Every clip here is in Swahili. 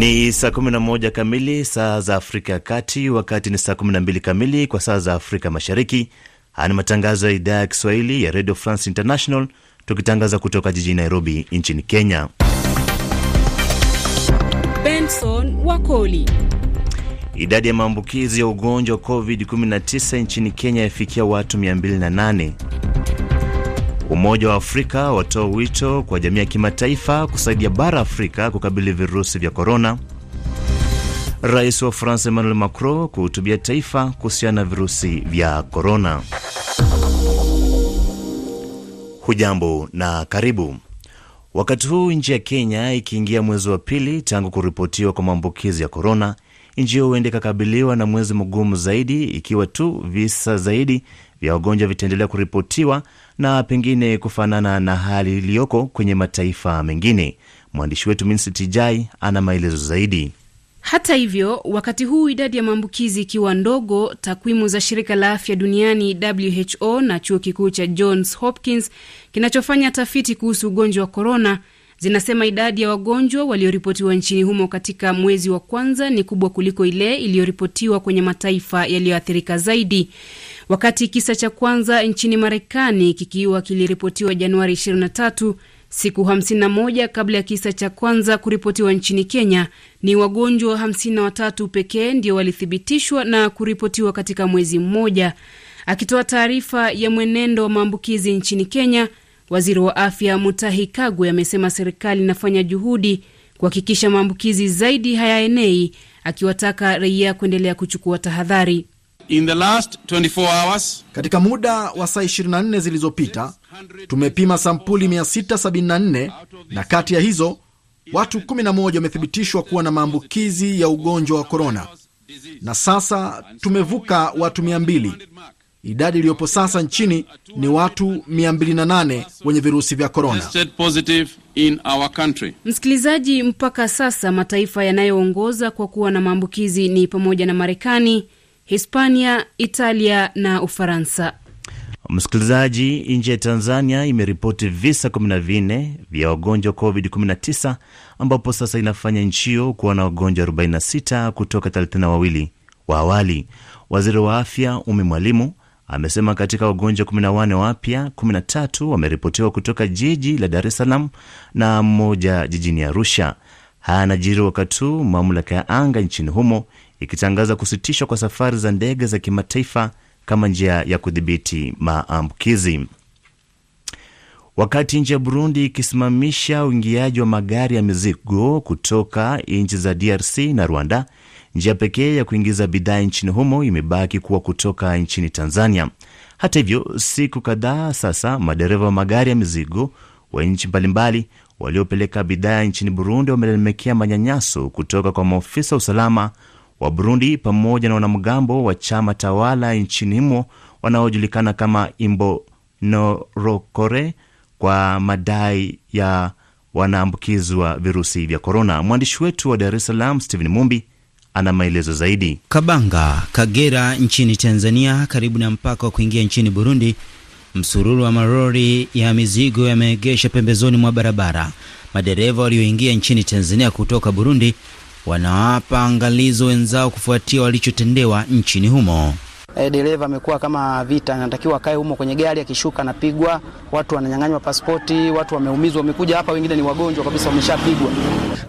Ni saa 11 kamili saa za Afrika ya Kati, wakati ni saa 12 kamili kwa saa za Afrika Mashariki. Haya ni matangazo ya idhaa ya Kiswahili ya Radio France International, tukitangaza kutoka jijini Nairobi nchini Kenya. Benson Wakoli. Idadi ya maambukizi ya ugonjwa wa COVID-19 nchini Kenya yafikia watu 208. Umoja wa Afrika watoa wito kwa jamii ya kimataifa kusaidia bara Afrika kukabili virusi vya korona. Rais wa France Emmanuel Macron kuhutubia taifa kuhusiana na virusi vya korona. Hujambo na karibu. Wakati huu nchi ya Kenya ikiingia mwezi wa pili tangu kuripotiwa kwa maambukizi ya korona, nchi hiyo huenda ikakabiliwa na mwezi mgumu zaidi ikiwa tu visa zaidi vya wagonjwa vitaendelea kuripotiwa na pengine kufanana na hali iliyoko kwenye mataifa mengine. Mwandishi wetu Minsiti Jai ana maelezo zaidi. Hata hivyo, wakati huu idadi ya maambukizi ikiwa ndogo, takwimu za shirika la afya duniani WHO na chuo kikuu cha Johns Hopkins kinachofanya tafiti kuhusu ugonjwa wa korona zinasema idadi ya wagonjwa walioripotiwa nchini humo katika mwezi wa kwanza ni kubwa kuliko ile iliyoripotiwa kwenye mataifa yaliyoathirika zaidi wakati kisa cha kwanza nchini Marekani kikiwa kiliripotiwa Januari 23 siku 51 kabla ya kisa cha kwanza kuripotiwa nchini Kenya. Ni wagonjwa 53 pekee ndio walithibitishwa na kuripotiwa katika mwezi mmoja. Akitoa taarifa ya mwenendo wa maambukizi nchini Kenya, waziri wa afya Mutahi Kagwe amesema serikali inafanya juhudi kuhakikisha maambukizi zaidi hayaenei, akiwataka raia kuendelea kuchukua tahadhari. In the last 24 hours, katika muda wa saa 24 zilizopita tumepima sampuli 674 na kati ya hizo watu 11 wamethibitishwa kuwa na maambukizi ya ugonjwa wa korona, na sasa tumevuka watu 200. Idadi iliyopo sasa nchini ni watu 208 wenye virusi vya korona. Msikilizaji, mpaka sasa mataifa yanayoongoza kwa kuwa na maambukizi ni pamoja na Marekani, Hispania, Italia na Ufaransa. Msikilizaji, nje ya Tanzania imeripoti visa 14 vya wagonjwa COVID-19 ambapo sasa inafanya nchi hiyo kuwa na wagonjwa 46 kutoka 32 wa awali. Waziri wa afya Umi Mwalimu amesema katika wagonjwa 14 wapya, 13 wameripotiwa kutoka jiji la Dar es Salaam na mmoja jijini Arusha. Haya yanajiri wakati huu mamlaka ya anga nchini humo ikitangaza kusitishwa kwa safari za ndege za kimataifa kama njia ya kudhibiti maambukizi. Wakati nchi ya Burundi ikisimamisha uingiaji wa magari ya mizigo kutoka nchi za DRC na Rwanda, njia pekee ya kuingiza bidhaa nchini humo imebaki kuwa kutoka nchini Tanzania. Hata hivyo, siku kadhaa sasa, madereva wa magari ya mizigo wa nchi mbalimbali waliopeleka bidhaa nchini Burundi wamelalamikia manyanyaso kutoka kwa maofisa wa usalama wa Burundi pamoja na wanamgambo wa chama tawala nchini humo wanaojulikana kama Imbonerakure kwa madai ya wanaambukizwa virusi vya korona. Mwandishi wetu wa Dar es Salaam Stephen Mumbi ana maelezo zaidi. Kabanga, Kagera nchini Tanzania, karibu na mpaka wa kuingia nchini Burundi, msururu wa malori ya mizigo yameegesha pembezoni mwa barabara. Madereva walioingia nchini Tanzania kutoka Burundi wanawapa angalizo wenzao kufuatia walichotendewa nchini humo. E, dereva amekuwa kama vita, anatakiwa akae humo kwenye gari, akishuka anapigwa, watu wananyang'anywa pasipoti, watu wameumizwa, wamekuja hapa, wengine ni wagonjwa kabisa, wameshapigwa.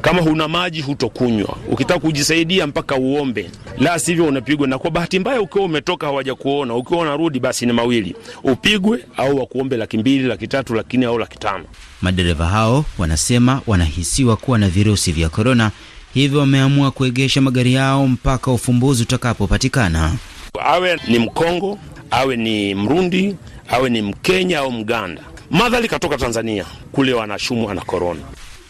Kama huna maji hutokunywa, ukitaka kujisaidia mpaka uombe, la sivyo unapigwa. Na kwa bahati mbaya, ukiwa umetoka hawaja kuona, ukiwa unarudi, basi ni mawili, upigwe au wakuombe laki mbili, laki tatu, laki nne au laki tano. Madereva hao wanasema wanahisiwa kuwa na virusi vya korona hivyo wameamua kuegesha magari yao mpaka ufumbuzi utakapopatikana. Awe ni Mkongo, awe ni Mrundi, awe ni Mkenya au Mganda, madhali katoka Tanzania kule wanashumwa na korona.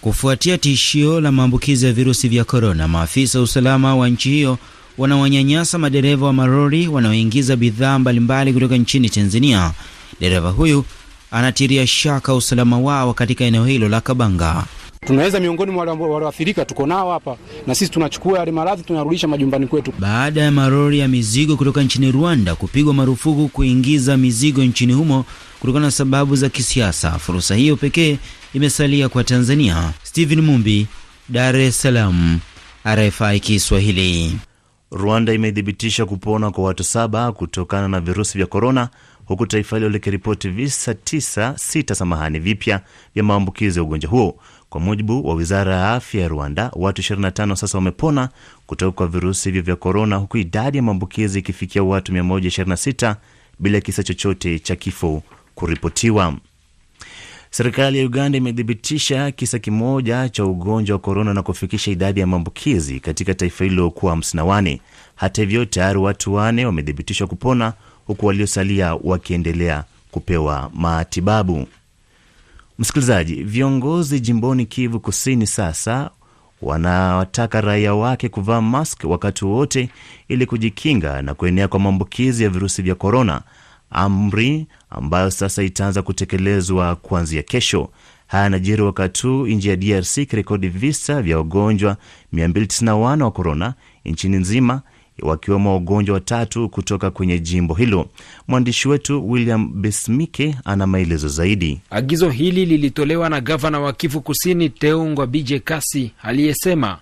Kufuatia tishio la maambukizi ya virusi vya korona, maafisa wa usalama wa nchi hiyo wanawanyanyasa madereva wa malori wanaoingiza bidhaa mbalimbali kutoka nchini Tanzania. Dereva huyu anatiria shaka usalama wao katika eneo hilo la Kabanga tunaweza miongoni mwa walioathirika tuko nao hapa, na sisi tunachukua yale maradhi tunayarudisha majumbani kwetu. Baada ya marori ya mizigo kutoka nchini Rwanda kupigwa marufuku kuingiza mizigo nchini humo kutokana na sababu za kisiasa, fursa hiyo pekee imesalia kwa Tanzania. Steven Mumbi, Dar es Salaam, RFI Kiswahili. Rwanda imethibitisha kupona kwa watu saba kutokana na virusi vya korona huku taifa hilo likiripoti visa tisa sita samahani vipya vya maambukizi ya ugonjwa huo. Kwa mujibu wa wizara ya afya ya Rwanda, watu 25 sasa wamepona kutoka kwa virusi hivyo vya korona, huku idadi ya maambukizi ikifikia watu 126 bila kisa chochote cha kifo kuripotiwa. Serikali ya Uganda imethibitisha kisa kimoja cha ugonjwa wa korona na kufikisha idadi ya maambukizi katika taifa hilo kuwa 51. Hata hivyo, tayari watu wane wamethibitishwa kupona huku waliosalia wakiendelea kupewa matibabu. Msikilizaji, viongozi jimboni Kivu Kusini sasa wanawataka raia wake kuvaa mask wakati wote ili kujikinga na kuenea kwa maambukizi ya virusi vya korona, amri ambayo sasa itaanza kutekelezwa kuanzia kesho. Haya yanajiri wakati huu nchi ya DRC ikirekodi visa vya wagonjwa 291 wa korona nchini nzima wakiwemo wagonjwa watatu kutoka kwenye jimbo hilo. Mwandishi wetu William Besmike ana maelezo zaidi. Agizo hili lilitolewa na gavana wa Kivu Kusini Teungwa Bije Kasi aliyesema,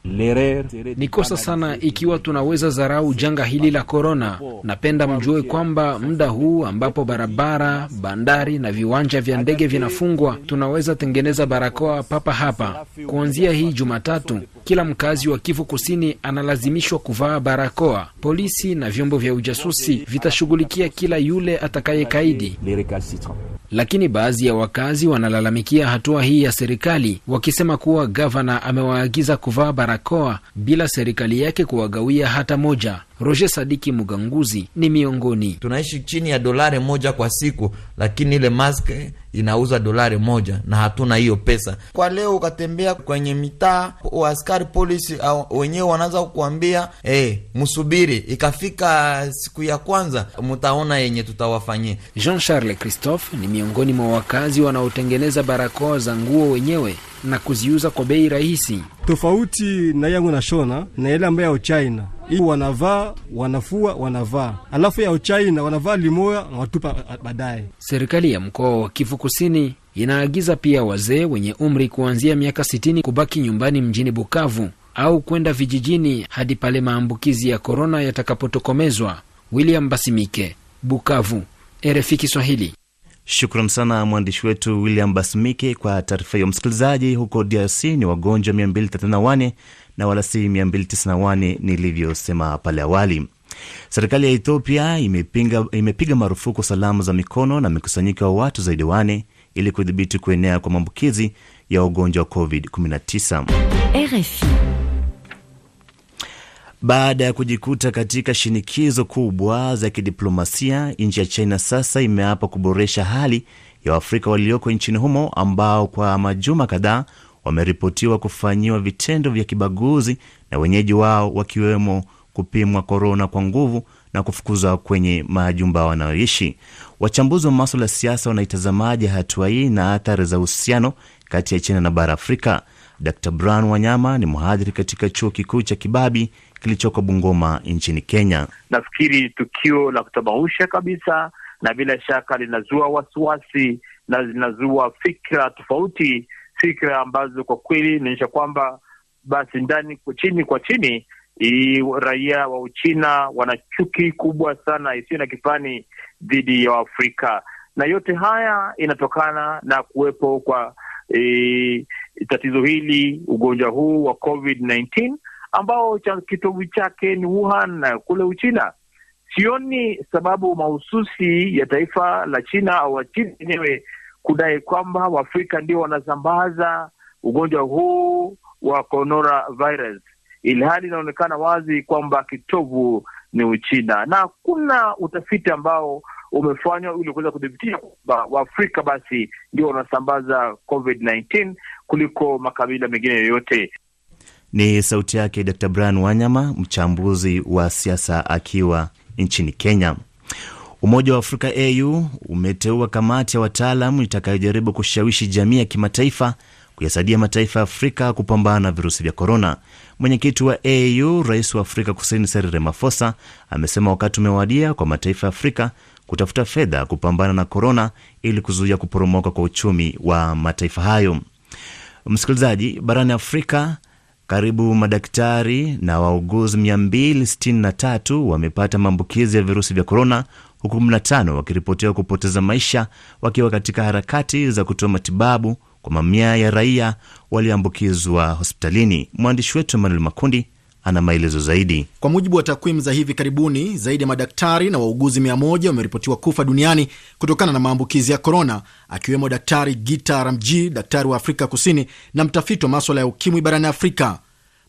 ni kosa sana ikiwa tunaweza dharau janga hili la korona. Napenda mjue kwamba muda huu ambapo barabara, bandari na viwanja vya ndege vinafungwa, tunaweza tengeneza barakoa papa hapa. Kuanzia hii Jumatatu, kila mkazi wa Kivu Kusini analazimishwa kuvaa barakoa. Polisi na vyombo vya ujasusi vitashughulikia kila yule atakayekaidi. Lakini baadhi ya wakazi wanalalamikia hatua hii ya serikali wakisema kuwa gavana amewaagiza kuvaa barakoa bila serikali yake kuwagawia hata moja. Roger Sadiki Muganguzi ni miongoni. Tunaishi chini ya dolari moja kwa siku, lakini ile mask inauza dolari moja na hatuna hiyo pesa kwa leo. Ukatembea kwenye mitaa, askari polisi wenyewe wanaanza kukuambia hey, eh, msubiri, ikafika siku ya kwanza mutaona yenye tutawafanyia. Jean Charles Christophe ni miongoni mwa wakazi wanaotengeneza barakoa za nguo wenyewe na kuziuza kwa bei rahisi. Tofauti na yangu nashona na ile ambayo ya uchaina hii wanavaa wanafua wanavaa, alafu ya uchaina wanavaa limoya na watupa baadaye. Serikali ya mkoa wa Kivu Kusini inaagiza pia wazee wenye umri kuanzia miaka 60 kubaki nyumbani mjini Bukavu au kwenda vijijini hadi pale maambukizi ya korona yatakapotokomezwa. William Basimike, Bukavu, RFI Kiswahili. Shukran sana mwandishi wetu William Basmike kwa taarifa hiyo. Msikilizaji, huko DRC ni wagonjwa 231 na wala si 291 nilivyosema pale awali. Serikali ya Ethiopia imepinga, imepiga marufuku salamu za mikono na mikusanyiko ya watu zaidi wane ili kudhibiti kuenea kwa maambukizi ya ugonjwa wa COVID-19. RFI baada ya kujikuta katika shinikizo kubwa za kidiplomasia. Nchi ya China sasa imeapa kuboresha hali ya Waafrika walioko nchini humo ambao kwa majuma kadhaa wameripotiwa kufanyiwa vitendo vya kibaguzi na wenyeji wao, wakiwemo kupimwa korona kwa nguvu na kufukuzwa kwenye majumba wanayoishi. Wachambuzi wa maswala ya siasa wanaitazamaje hatua hii na athari za uhusiano kati ya China na bara Afrika? Dr Brian Wanyama ni mhadhiri katika chuo kikuu cha Kibabi kilichoko Bungoma nchini Kenya. Nafikiri tukio la kutamausha kabisa, na bila shaka linazua wasiwasi na linazua fikra tofauti, fikra ambazo kwa kweli inaonyesha kwamba basi ndani kwa chini kwa chini I, raia wa Uchina wana chuki kubwa sana isiyo na kifani dhidi ya Waafrika, na yote haya inatokana na kuwepo kwa e, tatizo hili, ugonjwa huu wa COVID-19 ambao cha kitovu chake ni Wuhan kule Uchina. Sioni sababu mahususi ya taifa la China au Wachina wenyewe kudai kwamba Waafrika ndio wanasambaza ugonjwa huu wa virus, ili hali inaonekana wazi kwamba kitovu ni Uchina, na kuna utafiti ambao umefanywa ili kuweza kudhibitisha kwamba Waafrika basi ndio wanasambaza COVID-19 kuliko makabila mengine yoyote. Ni sauti yake Dr Brian Wanyama, mchambuzi wa siasa akiwa nchini Kenya. Umoja wa Afrika AU umeteua kamati ya wataalam itakayojaribu kushawishi jamii ya kimataifa kuyasaidia mataifa ya Afrika kupambana na virusi vya korona. Mwenyekiti wa AU rais wa Afrika Kusini Cyril Ramaphosa amesema wakati umewadia kwa mataifa ya Afrika kutafuta fedha kupambana na korona ili kuzuia kuporomoka kwa uchumi wa mataifa hayo. Msikilizaji, barani Afrika karibu madaktari na wauguzi 263 wamepata maambukizi ya virusi vya korona huku 15 wakiripotiwa kupoteza maisha wakiwa katika harakati za kutoa matibabu kwa mamia ya raia walioambukizwa hospitalini. Mwandishi wetu Emmanuel Makundi ana maelezo zaidi. Kwa mujibu wa takwimu za hivi karibuni, zaidi ya madaktari na wauguzi mia moja wameripotiwa kufa duniani kutokana na maambukizi ya korona, akiwemo Daktari Gita Ramji, daktari wa Afrika Kusini na mtafiti wa maswala ya ukimwi barani Afrika.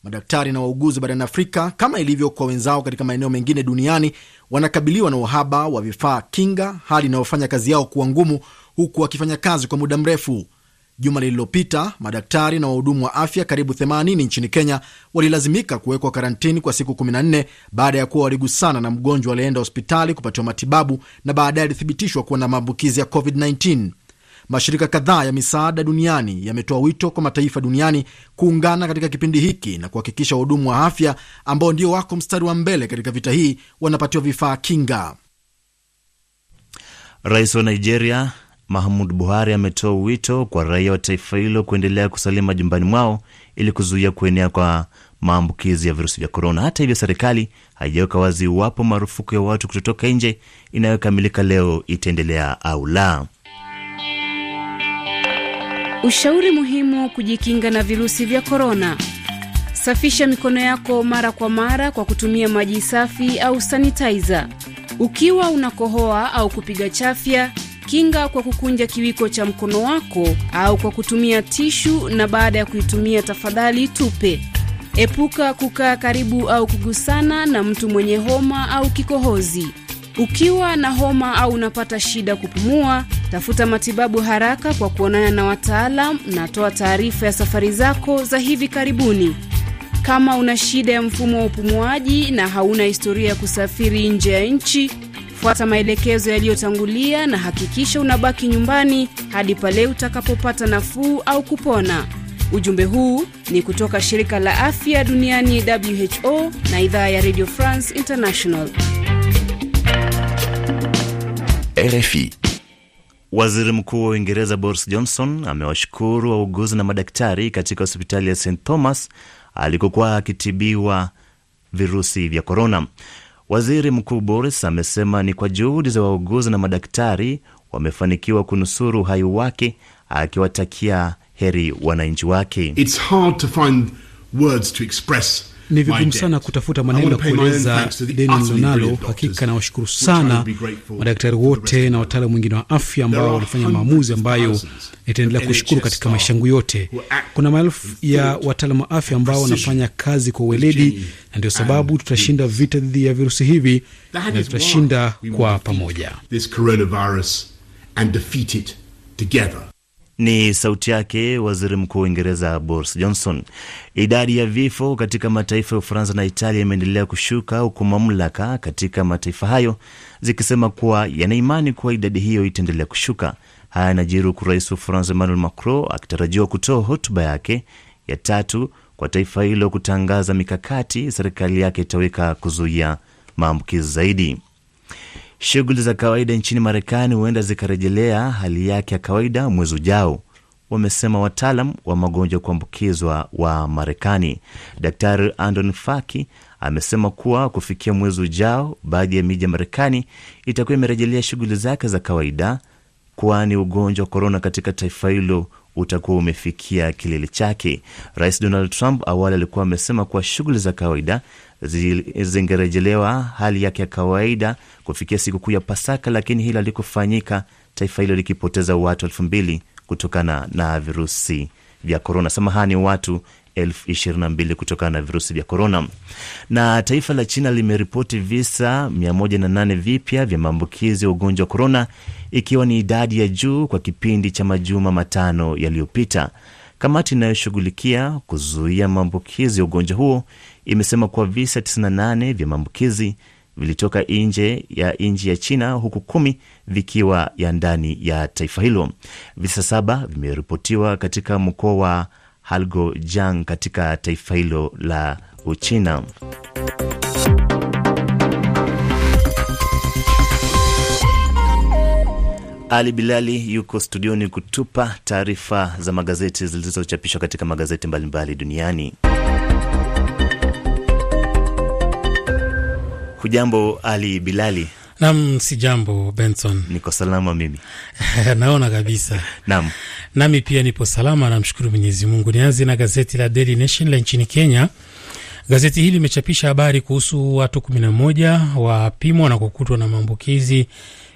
Madaktari na wauguzi barani Afrika, kama ilivyo kwa wenzao katika maeneo mengine duniani, wanakabiliwa na uhaba wa vifaa kinga, hali inayofanya kazi yao kuwa ngumu, huku wakifanya kazi kwa muda mrefu. Juma lililopita madaktari na wahudumu wa afya karibu 80 nchini Kenya walilazimika kuwekwa karantini kwa siku 14 baada ya kuwa waligusana na mgonjwa aliyeenda hospitali kupatiwa matibabu na baadaye alithibitishwa kuwa na maambukizi ya COVID-19. Mashirika kadhaa ya misaada duniani yametoa wito kwa mataifa duniani kuungana katika kipindi hiki na kuhakikisha wahudumu wa afya ambao ndio wako mstari wa mbele katika vita hii wanapatiwa vifaa kinga. Rais wa Nigeria Mahmud Buhari ametoa wito kwa raia wa taifa hilo kuendelea kusalia majumbani mwao ili kuzuia kuenea kwa maambukizi ya virusi vya korona. Hata hivyo, serikali haijaweka wazi iwapo marufuku ya watu kutotoka nje inayokamilika leo itaendelea au la. Ushauri muhimu kujikinga na virusi vya korona: safisha mikono yako mara kwa mara kwa kutumia maji safi au sanitizer. Ukiwa unakohoa au kupiga chafya Kinga kwa kukunja kiwiko cha mkono wako au kwa kutumia tishu, na baada ya kuitumia tafadhali tupe. Epuka kukaa karibu au kugusana na mtu mwenye homa au kikohozi. Ukiwa na homa au unapata shida kupumua, tafuta matibabu haraka kwa kuonana na wataalam na toa taarifa ya safari zako za hivi karibuni. Kama una shida ya mfumo wa upumuaji na hauna historia ya kusafiri nje ya nchi, Fuata maelekezo yaliyotangulia na hakikisha unabaki nyumbani hadi pale utakapopata nafuu au kupona. Ujumbe huu ni kutoka shirika la afya duniani WHO na idhaa ya Radio France International. RFI. Waziri Mkuu wa Uingereza Boris Johnson amewashukuru wauguzi na madaktari katika hospitali ya St Thomas alikokuwa akitibiwa virusi vya korona. Waziri Mkuu Boris amesema ni kwa juhudi za wauguzi na madaktari wamefanikiwa kunusuru uhai wake, akiwatakia heri wananchi wake. It's hard to find words to express ni vigumu sana kutafuta maneno ya kueleza deni nilonalo. Hakika nawashukuru sana madaktari wote na wataalamu wengine wa afya ambao walifanya maamuzi ambayo nitaendelea kushukuru katika maisha yangu yote. Kuna maelfu ya wataalamu wa afya ambao wanafanya kazi kwa uweledi, na ndio sababu tutashinda vita dhidi ya virusi hivi na tutashinda kwa pamoja. Ni sauti yake waziri mkuu wa Uingereza Boris Johnson. Idadi ya vifo katika mataifa ya Ufaransa na Italia imeendelea kushuka huku mamlaka katika mataifa hayo zikisema kuwa yanaimani kuwa idadi hiyo itaendelea kushuka. Haya yanajiri huku rais wa Ufaransa Emmanuel Macron akitarajiwa kutoa hotuba yake ya tatu kwa taifa hilo kutangaza mikakati serikali yake itaweka kuzuia maambukizi zaidi. Shughuli za kawaida nchini Marekani huenda zikarejelea hali yake ya kawaida mwezi ujao, wamesema wataalam wa magonjwa kuambukizwa wa Marekani. Daktari Andon Faki amesema kuwa kufikia mwezi ujao, baadhi ya miji ya Marekani itakuwa imerejelea shughuli zake za kawaida, kwani ugonjwa wa korona katika taifa hilo utakuwa umefikia kilele chake. Rais Donald Trump awali alikuwa amesema kuwa shughuli za kawaida zingerejelewa hali yake ya kawaida kufikia sikukuu ya Pasaka, lakini hilo halikufanyika, taifa hilo likipoteza watu elfu mbili kutokana na virusi vya korona. Samahani, watu elfu ishirini na mbili kutokana na virusi vya korona. Na taifa la China limeripoti visa 108 vipya vya maambukizi ya ugonjwa wa korona, ikiwa ni idadi ya juu kwa kipindi cha majuma matano yaliyopita. Kamati inayoshughulikia kuzuia maambukizi ya ugonjwa huo imesema kuwa visa 98 vya maambukizi vilitoka nje ya nchi ya China huku kumi vikiwa ya ndani ya taifa hilo. Visa saba vimeripotiwa katika mkoa wa Halgojang katika taifa hilo la Uchina. Ali Bilali yuko studioni kutupa taarifa za magazeti zilizochapishwa katika magazeti mbalimbali mbali duniani. Hujambo Ali Bilali? Nam, si jambo Benson, niko salama mimi naona kabisa nam, nami pia nipo salama, namshukuru Mwenyezi Mungu. Nianze na gazeti la Daily Nation la nchini Kenya. Gazeti hili limechapisha habari kuhusu watu kumi na moja wapimwa na kukutwa na maambukizi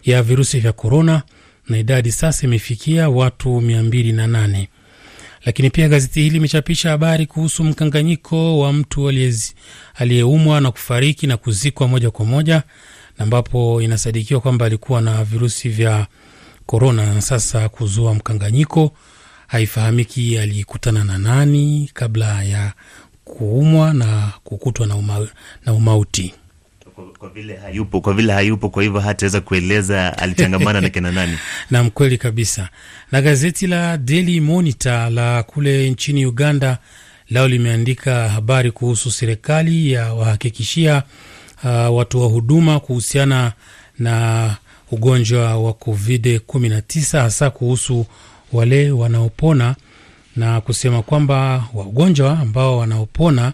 ya virusi vya korona, na idadi sasa imefikia watu mia mbili na nane lakini pia gazeti hili limechapisha habari kuhusu mkanganyiko wa mtu aliyeumwa na kufariki na kuzikwa moja kwa moja, na ambapo inasadikiwa kwamba alikuwa na virusi vya korona na sasa kuzua mkanganyiko. Haifahamiki alikutana na nani kabla ya kuumwa na kukutwa na, uma, na umauti kwa, vile hayupo kwa vile hayupo, kwa hivyo hataweza kueleza alichangamana na kina nani. Naam, kweli kabisa. Na gazeti la Daily Monitor la kule nchini Uganda lao limeandika habari kuhusu serikali ya wahakikishia uh, watu wa huduma kuhusiana na ugonjwa wa Covid 19 hasa kuhusu wale wanaopona na kusema kwamba wagonjwa ambao wanaopona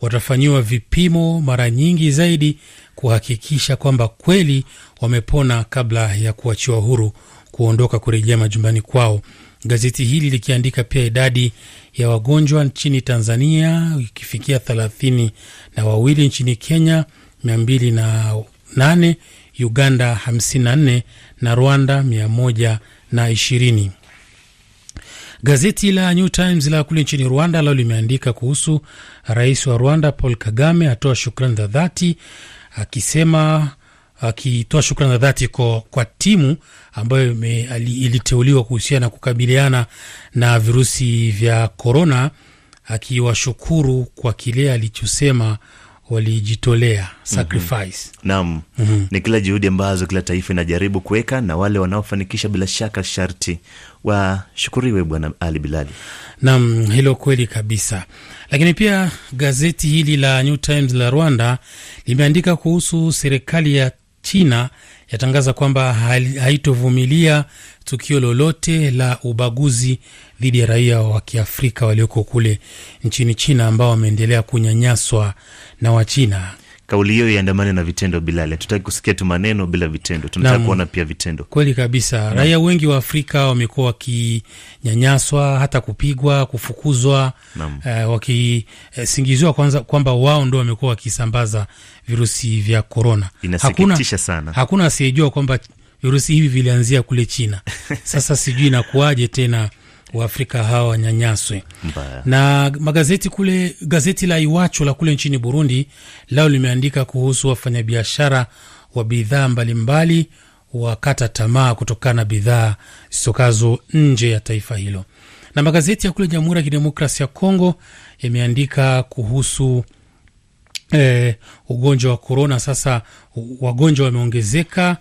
watafanyiwa vipimo mara nyingi zaidi kuhakikisha kwamba kweli wamepona kabla ya kuachiwa huru kuondoka kurejea majumbani kwao. Gazeti hili likiandika pia idadi ya wagonjwa nchini Tanzania ikifikia thelathini na wawili, nchini Kenya mia mbili na nane, Uganda 54 na Rwanda ishirini. Gazeti la New Times la kule nchini Rwanda lao limeandika kuhusu rais wa Rwanda Paul Kagame atoa shukrani za dhati akisema akitoa shukrani za dhati kwa, kwa timu ambayo iliteuliwa kuhusiana na kukabiliana na virusi vya korona, akiwashukuru kwa kile alichosema walijitolea mhm. sacrifice. Naam. mm -hmm. Ni kila juhudi ambazo kila taifa inajaribu kuweka, na wale wanaofanikisha bila shaka sharti washukuriwe, Bwana Ali Bilali. Naam, hilo kweli kabisa. Lakini pia gazeti hili la New Times la Rwanda limeandika kuhusu serikali ya China yatangaza kwamba haitovumilia tukio lolote la ubaguzi dhidi ya raia wa Kiafrika walioko kule nchini China ambao wameendelea kunyanyaswa na Wachina kauli hiyo iandamane na vitendo. Bilali, tutaki kusikia tu maneno bila vitendo, tunataka kuona pia vitendo. Kweli kabisa, raia wengi wa Afrika wamekuwa wakinyanyaswa, hata kupigwa, kufukuzwa, eh, wakisingiziwa eh, kwanza kwamba wao ndo wamekuwa wakisambaza virusi vya korona. Inasikitisha sana, hakuna asiyejua kwamba virusi hivi vilianzia kule China. Sasa sijui inakuwaje tena Waafrika hawa wanyanyaswe. Na magazeti kule, gazeti la Iwacho la kule nchini Burundi lao limeandika kuhusu wafanyabiashara wa bidhaa mbalimbali wakata tamaa kutokana na bidhaa zitokazo nje ya taifa hilo. Na magazeti ya kule Jamhuri ya Kidemokrasia ya Kongo yameandika kuhusu eh, ugonjwa wa korona. Sasa wagonjwa wameongezeka,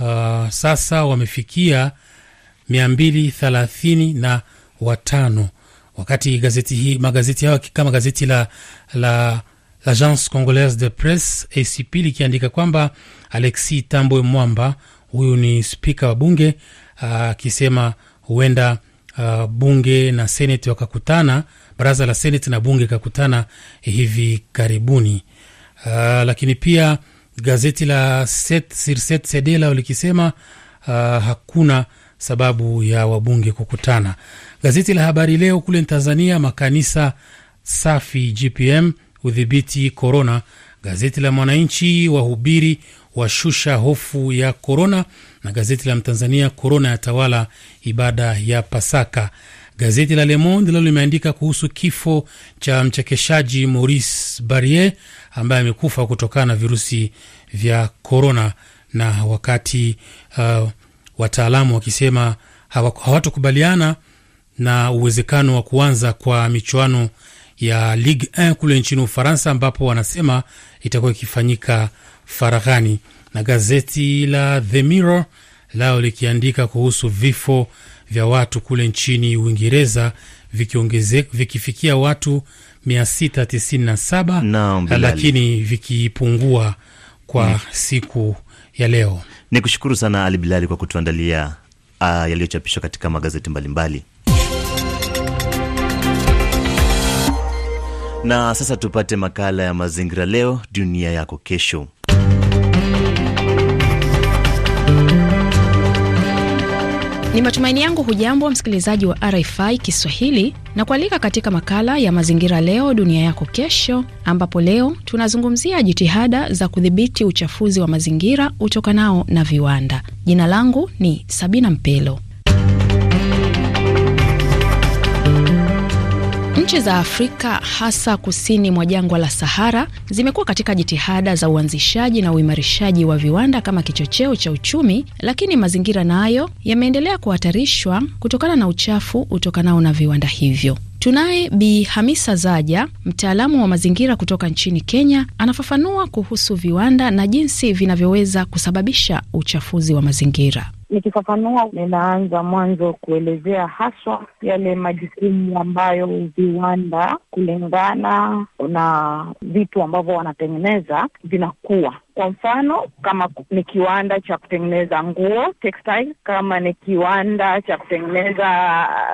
uh, sasa wamefikia 230 na watano wakati gazeti hii magazeti hayo kama gazeti la la l'agence congolaise de presse ACP likiandika kwamba Alexis Tambwe Mwamba huyu ni spika wa bunge akisema huenda Uh, bunge na seneti wakakutana, baraza la seneti na bunge kakutana hivi karibuni. Uh, lakini pia gazeti la Set Set Sedela likisema uh, hakuna sababu ya wabunge kukutana. Gazeti la Habari Leo kule Tanzania, makanisa safi GPM udhibiti korona. Gazeti la Mwananchi, wahubiri washusha hofu ya korona, na gazeti la Mtanzania, korona yatawala ibada ya Pasaka. Gazeti la Le Monde lalo limeandika kuhusu kifo cha mchekeshaji Maurice Barrier ambaye amekufa kutokana na virusi vya korona, na wakati uh, wataalamu wakisema hawatokubaliana na uwezekano wa kuanza kwa michuano ya Ligue 1 kule nchini Ufaransa, ambapo wanasema itakuwa ikifanyika faraghani. Na gazeti la The Mirror lao likiandika kuhusu vifo vya watu kule nchini Uingereza vikifikia watu 697 lakini vikipungua kwa mm, siku ya leo. Ni kushukuru sana Ali Bilali kwa kutuandalia uh, yaliyochapishwa katika magazeti mbalimbali mbali. Na sasa tupate makala ya mazingira, leo dunia yako kesho. Ni matumaini yangu hujambo msikilizaji wa RFI Kiswahili na kualika katika makala ya mazingira leo dunia yako kesho, ambapo leo tunazungumzia jitihada za kudhibiti uchafuzi wa mazingira utokanao na viwanda. Jina langu ni Sabina Mpelo. Nchi za Afrika hasa kusini mwa jangwa la Sahara zimekuwa katika jitihada za uanzishaji na uimarishaji wa viwanda kama kichocheo cha uchumi, lakini mazingira nayo na yameendelea kuhatarishwa kutokana na uchafu utokanao na viwanda hivyo. Tunaye Bi Hamisa Zaja, mtaalamu wa mazingira kutoka nchini Kenya, anafafanua kuhusu viwanda na jinsi vinavyoweza kusababisha uchafuzi wa mazingira. Nikifafanua, ninaanza mwanzo kuelezea haswa yale majukumu ambayo viwanda kulingana na vitu ambavyo wanatengeneza vinakuwa kwa mfano kama ni kiwanda cha kutengeneza nguo textile, kama ni kiwanda cha kutengeneza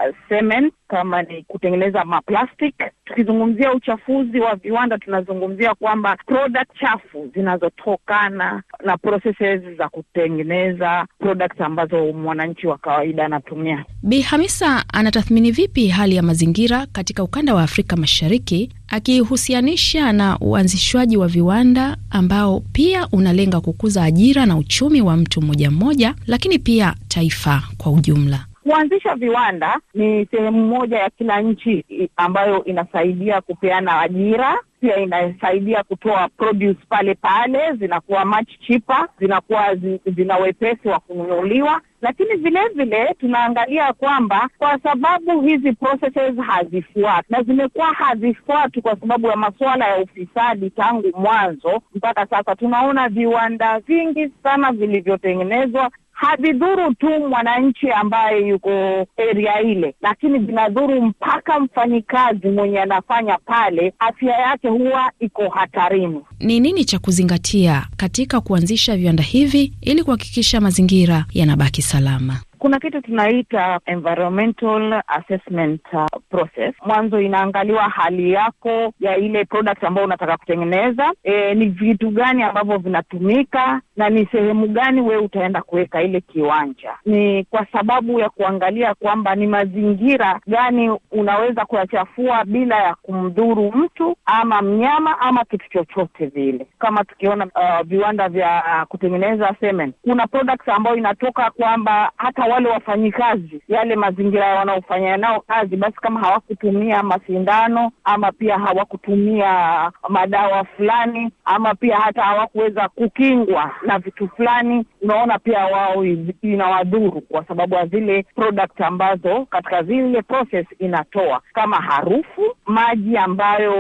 uh, cement, kama ni kutengeneza maplastic. Tukizungumzia uchafuzi wa viwanda, tunazungumzia kwamba product chafu zinazotokana na processes za kutengeneza products ambazo mwananchi wa kawaida anatumia. Bi Hamisa anatathmini vipi hali ya mazingira katika ukanda wa Afrika Mashariki akihusianisha na uanzishwaji wa viwanda ambao pia pia unalenga kukuza ajira na uchumi wa mtu mmoja mmoja, lakini pia taifa kwa ujumla. Kuanzisha viwanda ni sehemu moja ya kila nchi ambayo inasaidia kupeana ajira pia inasaidia kutoa produce pale pale, zinakuwa much cheaper, zinakuwa zi, zina wepesi wa kununuliwa lakini vile vile tunaangalia kwamba kwa sababu hizi processes hazifuati na zimekuwa hazifuati kwa sababu ya masuala ya ufisadi tangu mwanzo mpaka sasa, tunaona viwanda vingi sana vilivyotengenezwa havidhuru tu mwananchi ambaye yuko eria ile, lakini vinadhuru mpaka mfanyikazi mwenye anafanya pale, afya yake huwa iko hatarini. Ni nini cha kuzingatia katika kuanzisha viwanda hivi ili kuhakikisha mazingira yanabaki salama? Kuna kitu tunaita environmental assessment uh, process. Mwanzo inaangaliwa hali yako ya ile product ambayo unataka kutengeneza, e, ni vitu gani ambavyo vinatumika na ni sehemu gani wewe utaenda kuweka ile kiwanja. Ni kwa sababu ya kuangalia kwamba ni mazingira gani unaweza kuyachafua bila ya kumdhuru mtu ama mnyama ama kitu chochote vile. Kama tukiona uh, viwanda vya uh, kutengeneza semen, kuna products ambayo inatoka kwamba hata wale wafanyikazi, yale mazingira wanaofanya nao kazi, basi kama hawakutumia masindano ama pia hawakutumia madawa fulani ama pia hata hawakuweza kukingwa na vitu fulani, unaona pia wao inawadhuru kwa sababu ya zile product ambazo katika zile process inatoa kama harufu, maji ambayo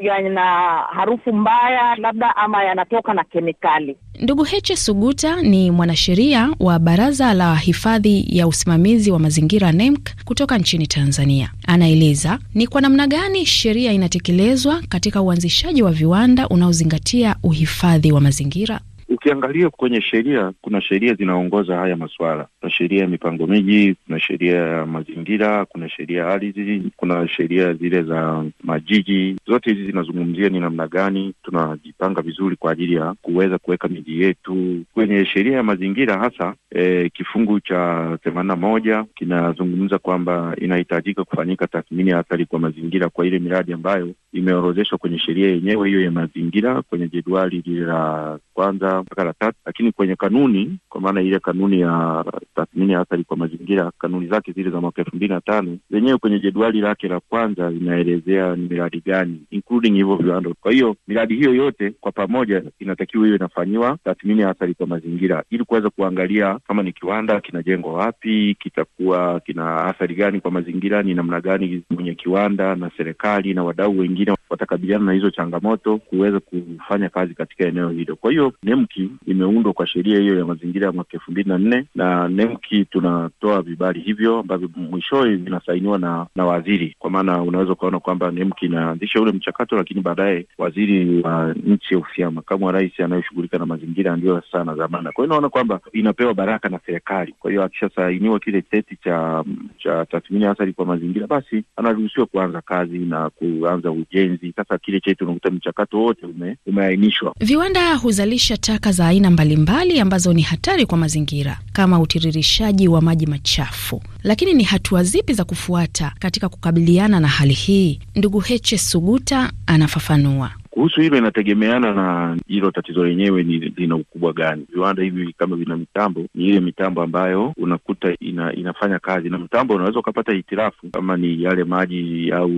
yana harufu mbaya labda ama yanatoka na kemikali. Ndugu Heche Suguta ni mwanasheria wa Baraza la Hifadhi ya Usimamizi wa Mazingira NEMC kutoka nchini Tanzania. Anaeleza ni kwa namna gani sheria inatekelezwa katika uanzishaji wa viwanda unaozingatia uhifadhi wa mazingira. Ukiangalia kwenye sheria, kuna sheria zinaongoza haya masuala. Kuna sheria ya mipango miji, kuna sheria ya mazingira, kuna sheria ya ardhi, kuna sheria zile za majiji. Zote hizi zinazungumzia ni namna gani tunajipanga vizuri kwa ajili ya kuweza kuweka miji yetu. Kwenye sheria ya mazingira hasa e, kifungu cha themanini na moja kinazungumza kwamba inahitajika kufanyika tathmini ya athari kwa mazingira kwa ile miradi ambayo imeorodheshwa kwenye sheria yenyewe hiyo ya mazingira kwenye jedwali lile la kwanza mpaka la tatu, lakini kwenye kanuni, kwa maana ile kanuni ya tathmini ya athari kwa mazingira, kanuni zake zile za mwaka elfu mbili na tano zenyewe kwenye jedwali lake la kwanza linaelezea ni miradi gani including hivyo viwanda. Kwa hiyo miradi hiyo yote kwa pamoja inatakiwa hiyo inafanyiwa tathmini ya athari kwa mazingira ili kuweza kuangalia kama ni kiwanda kinajengwa wapi, kitakuwa kina athari gani kwa mazingira, ni namna gani mwenye kiwanda na serikali na wadau wengine watakabiliana na hizo changamoto kuweza kufanya kazi katika eneo hilo. Kwa hiyo nemu NEMKI imeundwa kwa sheria hiyo ya mazingira ya mwaka elfu mbili na nne na NEMKI tunatoa vibali hivyo ambavyo mwishoe vinasainiwa na na waziri. Kwa maana unaweza ukaona kwamba NEMKI inaanzisha ule mchakato, lakini baadaye waziri wa nchi ofisi ya makamu wa rais anayeshughulika na mazingira ndiyo sasa na dhamana. Kwa hiyo naona kwamba inapewa baraka na serikali. Kwa hiyo akishasainiwa kile cheti cha cha tathmini athari kwa mazingira, basi anaruhusiwa kuanza kazi na kuanza ujenzi. Sasa kile cheti unakuta mchakato wote ume, umeainishwa. Viwanda huzalisha taka za aina mbalimbali ambazo ni hatari kwa mazingira kama utiririshaji wa maji machafu. Lakini ni hatua zipi za kufuata katika kukabiliana na hali hii? Ndugu Heche Suguta anafafanua. Kuhusu hilo inategemeana na hilo tatizo lenyewe ni lina ukubwa gani. Viwanda hivi kama vina mitambo, ni ile mitambo ambayo unakuta ina, inafanya kazi na mtambo unaweza ukapata hitirafu kama ni yale maji au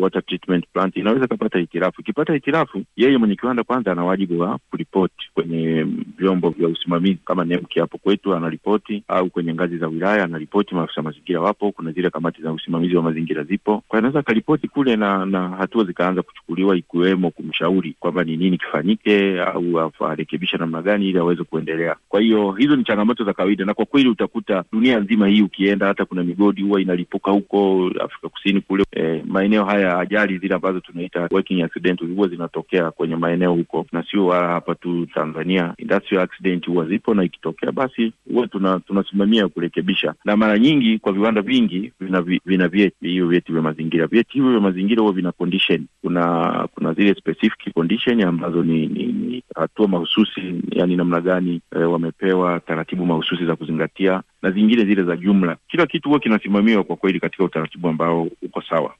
water treatment plant inaweza ikapata hitirafu Ikipata hitirafu yeye mwenye kiwanda kwanza ana wajibu wa kuripoti kwenye vyombo vya usimamizi kama nemki hapo kwetu anaripoti, au kwenye ngazi za wilaya anaripoti, maafisa mazingira wapo, kuna zile kamati za usimamizi wa mazingira zipo, kwa anaweza akaripoti kule na, na hatua zikaanza kuchukuliwa ikiwemo kumshauri kwamba ni nini kifanyike au arekebishe namna gani ili aweze kuendelea. Kwa hiyo hizo ni changamoto za kawaida, na kwa kweli utakuta dunia nzima hii ukienda, hata kuna migodi huwa inalipuka huko Afrika Kusini kule, eh, maeneo haya, ajali zile ambazo tunaita working accident huwa zinatokea kwenye maeneo huko, na sio wala ah, hapa tu Tanzania, industrial accident huwa zipo, na ikitokea basi huwa tuna, tunasimamia kurekebisha, na mara nyingi kwa viwanda vingi vina, vina vyeti hivyo vyeti vya mazingira. Vyeti hivyo vya mazingira huwa vina condition, kuna kuna zile specific specific condition ambazo ni, ni, ni hatua mahususi, yani namna gani e, wamepewa taratibu mahususi za kuzingatia na zingine zile za jumla. Kila kitu huwa kinasimamiwa kwa kweli katika utaratibu ambao uko sawa.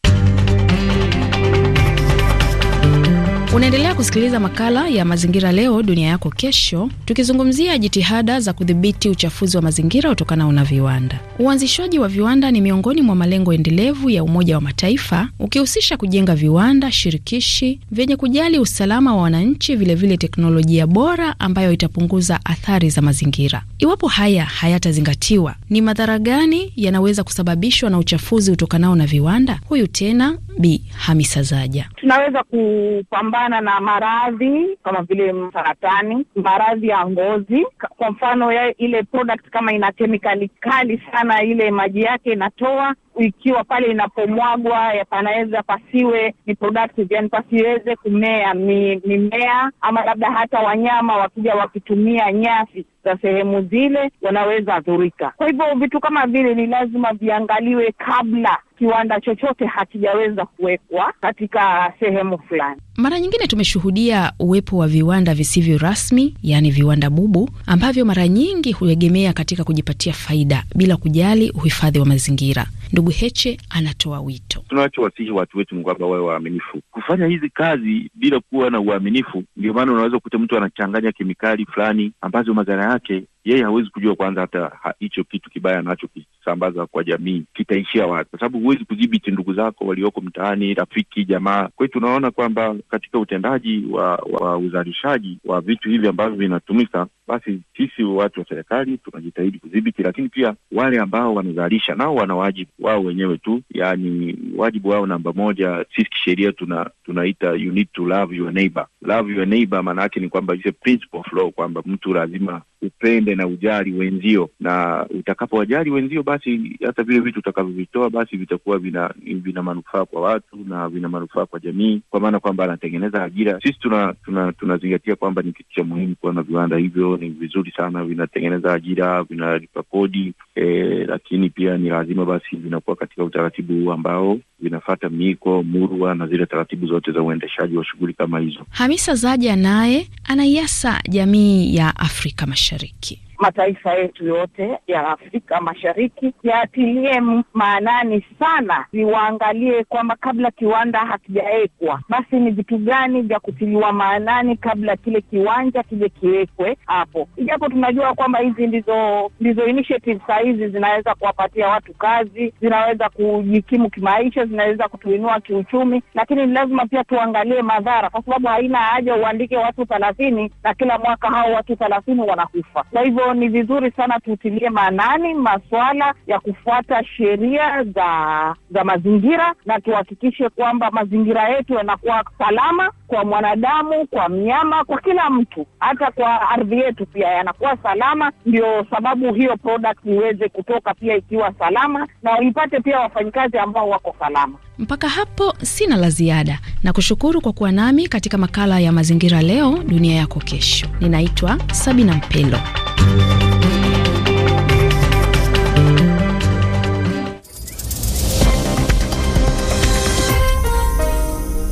Unaendelea kusikiliza makala ya mazingira leo dunia yako kesho, tukizungumzia jitihada za kudhibiti uchafuzi wa mazingira utokanao na viwanda. Uanzishwaji wa viwanda ni miongoni mwa malengo endelevu ya Umoja wa Mataifa, ukihusisha kujenga viwanda shirikishi vyenye kujali usalama wa wananchi, vilevile teknolojia bora ambayo itapunguza athari za mazingira. Iwapo haya hayatazingatiwa, ni madhara gani yanaweza kusababishwa na uchafuzi utokanao na viwanda? Huyu tena Bi Hamisa Zaja. tunaweza kupamba kupambana na maradhi kama vile saratani, maradhi ya ngozi. Kwa mfano ya ile product kama ina kemikali kali sana, ile maji yake inatoa ikiwa pale inapomwagwa panaweza pasiwe ni productive, yani pasiweze kumea mimea ama labda hata wanyama wakija wakitumia nyasi za sehemu zile wanaweza adhurika. Kwa hivyo vitu kama vile ni lazima viangaliwe kabla kiwanda chochote hakijaweza kuwekwa katika sehemu fulani. Mara nyingine tumeshuhudia uwepo wa viwanda visivyo rasmi, yaani viwanda bubu, ambavyo mara nyingi huegemea katika kujipatia faida bila kujali uhifadhi wa mazingira. Ndugu heche anatoa wito. Tunachowasihi watu wetu ni kwamba wawe waaminifu kufanya hizi kazi bila kuwa na uaminifu. Ndio maana unaweza kukuta mtu anachanganya kemikali fulani ambazo madhara yake yeye hawezi kujua kwanza hata hicho ha, kitu kibaya anachokisambaza kwa jamii kitaishia wapi, kwa sababu huwezi kudhibiti ndugu zako walioko mtaani, rafiki, jamaa. Kwa hiyo tunaona kwamba katika utendaji wa, wa uzalishaji wa vitu hivi ambavyo vinatumika basi sisi watu wa serikali tunajitahidi kudhibiti, lakini pia wale ambao wanazalisha nao wana wajibu wao wenyewe tu, yani wajibu wao namba moja. Sisi kisheria tuna tunaita you need to love your neighbor. Love your neighbor maana yake ni kwamba ile principle of law kwamba mtu lazima upende na ujali wenzio, na utakapowajali wenzio, basi hata vile vitu utakavyovitoa basi vitakuwa vina vina manufaa kwa watu na vina manufaa kwa jamii, kwa maana kwamba anatengeneza ajira. Sisi tunazingatia tuna, tuna kwamba ni kitu cha muhimu kuwa na viwanda hivyo ni vizuri sana, vinatengeneza ajira, vinalipa kodi e, lakini pia ni lazima basi vinakuwa katika utaratibu ambao vinafata miko murwa na zile taratibu zote za uendeshaji wa shughuli kama hizo. Hamisa Zaja naye anaiasa jamii ya Afrika Mashariki mataifa yetu yote ya Afrika Mashariki yatilie maanani sana, viwaangalie kwamba kabla kiwanda hakijawekwa, basi ni vitu gani vya kutiliwa maanani kabla kile kiwanja kije kiwekwe hapo, ijapo tunajua kwamba hizi ndizo ndizo initiative saa hizi zinaweza kuwapatia watu kazi, zinaweza kujikimu kimaisha, zinaweza kutuinua kiuchumi, lakini lazima pia tuangalie madhara, kwa sababu haina haja uandike watu thelathini na kila mwaka hao watu thelathini wanakufa. Kwa hivyo ni vizuri sana tutilie maanani masuala ya kufuata sheria za za mazingira na tuhakikishe kwamba mazingira yetu yanakuwa salama kwa mwanadamu, kwa mnyama, kwa kila mtu, hata kwa ardhi yetu pia yanakuwa salama. Ndio sababu hiyo product iweze kutoka pia ikiwa salama na ipate pia wafanyikazi ambao wako salama. Mpaka hapo sina la ziada, na kushukuru kwa kuwa nami katika makala ya mazingira leo, dunia yako kesho. Ninaitwa Sabina Mpelo.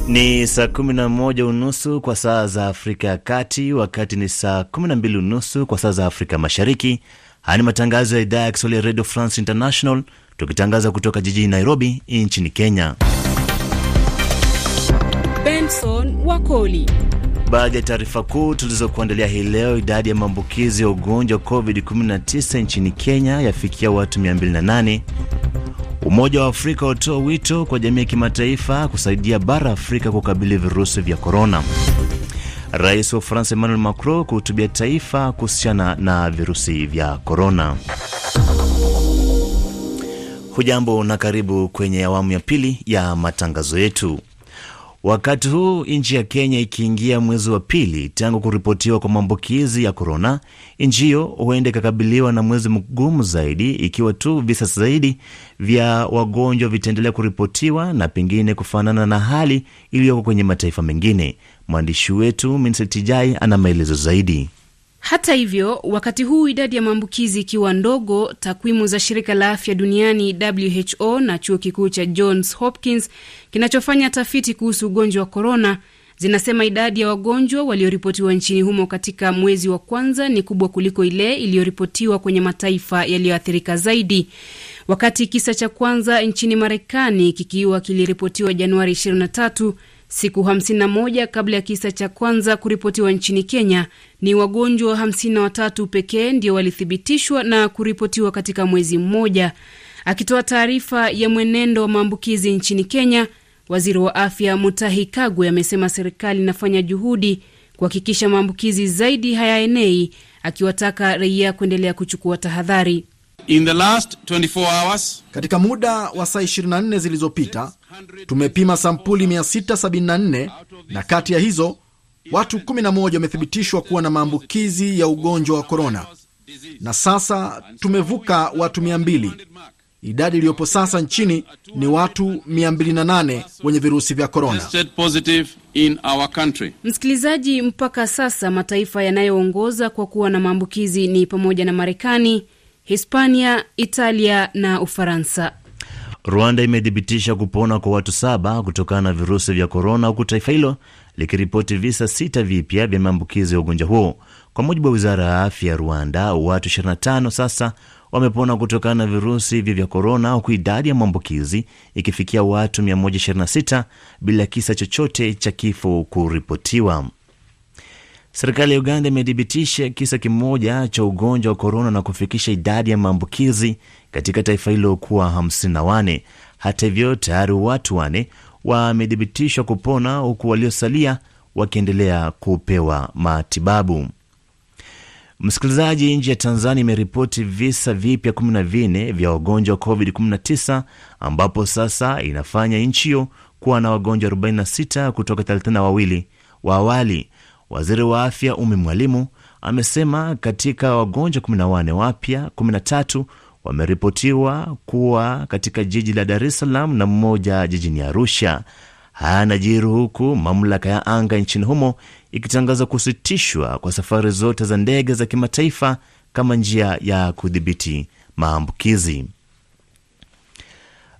Ni saa 11 unusu kwa saa za Afrika ya Kati, wakati ni saa 12 unusu kwa saa za Afrika Mashariki. Haya ni matangazo ya idhaa ya Kiswahili ya Radio France International, tukitangaza kutoka jijini Nairobi nchini Kenya. Benson Wakoli. Baadhi ya taarifa kuu tulizokuandalia hii leo: idadi ya maambukizi ya ugonjwa COVID-19 nchini Kenya yafikia watu 208. Umoja wa Afrika watoa wito kwa jamii ya kimataifa kusaidia bara Afrika kukabili virusi vya korona. Rais wa Ufaransa Emmanuel Macron kuhutubia taifa kuhusiana na virusi vya korona. Hujambo na karibu kwenye awamu ya pili ya matangazo yetu. Wakati huu nchi ya Kenya ikiingia mwezi wa pili tangu kuripotiwa kwa maambukizi ya korona, nchi hiyo huenda ikakabiliwa na mwezi mgumu zaidi ikiwa tu visa zaidi vya wagonjwa vitaendelea kuripotiwa na pengine kufanana na hali iliyoko kwenye mataifa mengine. Mwandishi wetu Minseti ana maelezo zaidi. Hata hivyo, wakati huu idadi ya maambukizi ikiwa ndogo, takwimu za shirika la afya duniani WHO na chuo kikuu cha Johns Hopkins kinachofanya tafiti kuhusu ugonjwa wa korona zinasema idadi ya wagonjwa walioripotiwa nchini humo katika mwezi wa kwanza ni kubwa kuliko ile iliyoripotiwa kwenye mataifa yaliyoathirika zaidi. Wakati kisa cha kwanza nchini Marekani kikiwa kiliripotiwa Januari 23 Siku 51 kabla ya kisa cha kwanza kuripotiwa nchini Kenya, ni wagonjwa 53 pekee ndio walithibitishwa na kuripotiwa katika mwezi mmoja. Akitoa taarifa ya mwenendo wa maambukizi nchini Kenya, waziri wa afya Mutahi Kagwe amesema serikali inafanya juhudi kuhakikisha maambukizi zaidi hayaenei, akiwataka raia kuendelea kuchukua tahadhari. In the last 24 hours, katika muda wa saa 24 zilizopita tumepima sampuli 674 na kati ya hizo watu 11 wamethibitishwa kuwa na maambukizi ya ugonjwa wa korona, na sasa tumevuka watu 200. Idadi iliyopo sasa nchini ni watu 208 wenye virusi vya korona. Msikilizaji, mpaka sasa mataifa yanayoongoza kwa kuwa na maambukizi ni pamoja na Marekani, Hispania, Italia na Ufaransa. Rwanda imethibitisha kupona kwa watu saba kutokana na virusi vya korona, huku taifa hilo likiripoti visa sita vipya vya maambukizi ya ugonjwa huo. Kwa mujibu wa wizara ya afya ya Rwanda, watu 25 sasa wamepona kutokana na virusi hivyo vya korona, huku idadi ya maambukizi ikifikia watu 126 bila kisa chochote cha kifo kuripotiwa. Serikali ya Uganda imethibitisha kisa kimoja cha ugonjwa wa korona na kufikisha idadi ya maambukizi katika taifa hilo kuwa 54. Hata hivyo, tayari watu wane wamethibitishwa kupona huku waliosalia wakiendelea kupewa matibabu. Msikilizaji, nchi ya Tanzania imeripoti visa vipya 14 vya wagonjwa wa COVID-19 ambapo sasa inafanya nchi hiyo kuwa na wagonjwa 46 kutoka 32 wa awali. Waziri wa afya Umi Mwalimu amesema katika wagonjwa 14 wapya 13 wameripotiwa kuwa katika jiji la Dar es Salaam na mmoja jijini Arusha. Haya yanajiri huku mamlaka ya anga nchini humo ikitangaza kusitishwa kwa safari zote za ndege za kimataifa kama njia ya kudhibiti maambukizi.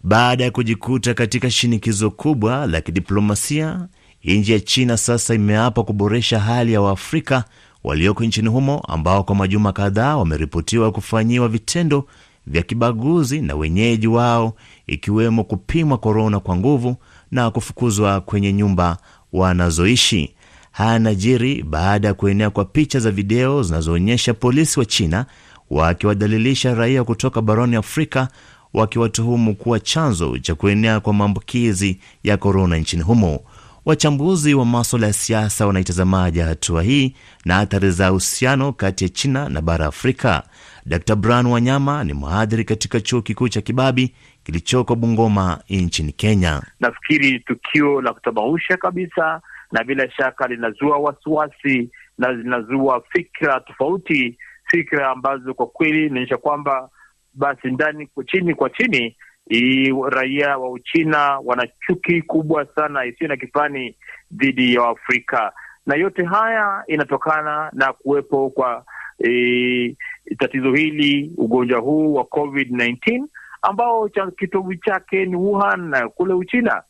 Baada ya kujikuta katika shinikizo kubwa la kidiplomasia Nchi ya China sasa imeapa kuboresha hali ya Waafrika walioko nchini humo ambao kwa majuma kadhaa wameripotiwa kufanyiwa vitendo vya kibaguzi na wenyeji wao, ikiwemo kupimwa korona kwa nguvu na kufukuzwa kwenye nyumba wanazoishi. Haya najiri baada ya kuenea kwa picha za video zinazoonyesha polisi wa China wakiwadhalilisha raia kutoka barani Afrika, wakiwatuhumu kuwa chanzo cha kuenea kwa maambukizi ya korona nchini humo. Wachambuzi wa maswala ya siasa wanaitazamaje hatua hii na athari za uhusiano kati ya China na bara Afrika? Dkt Brian Wanyama ni mhadhiri katika chuo kikuu cha Kibabi kilichoko Bungoma nchini Kenya. Nafikiri tukio la kutabausha kabisa, na bila shaka linazua wasiwasi na linazua fikra tofauti, fikra ambazo kwa kweli inaonyesha kwamba basi ndani kwa chini kwa chini I, raia wa Uchina wana chuki kubwa sana isiyo na kifani dhidi ya Waafrika, na yote haya inatokana na kuwepo kwa e, tatizo hili, ugonjwa huu wa COVID-19 ambao kitovu chake ni Wuhan kule Uchina.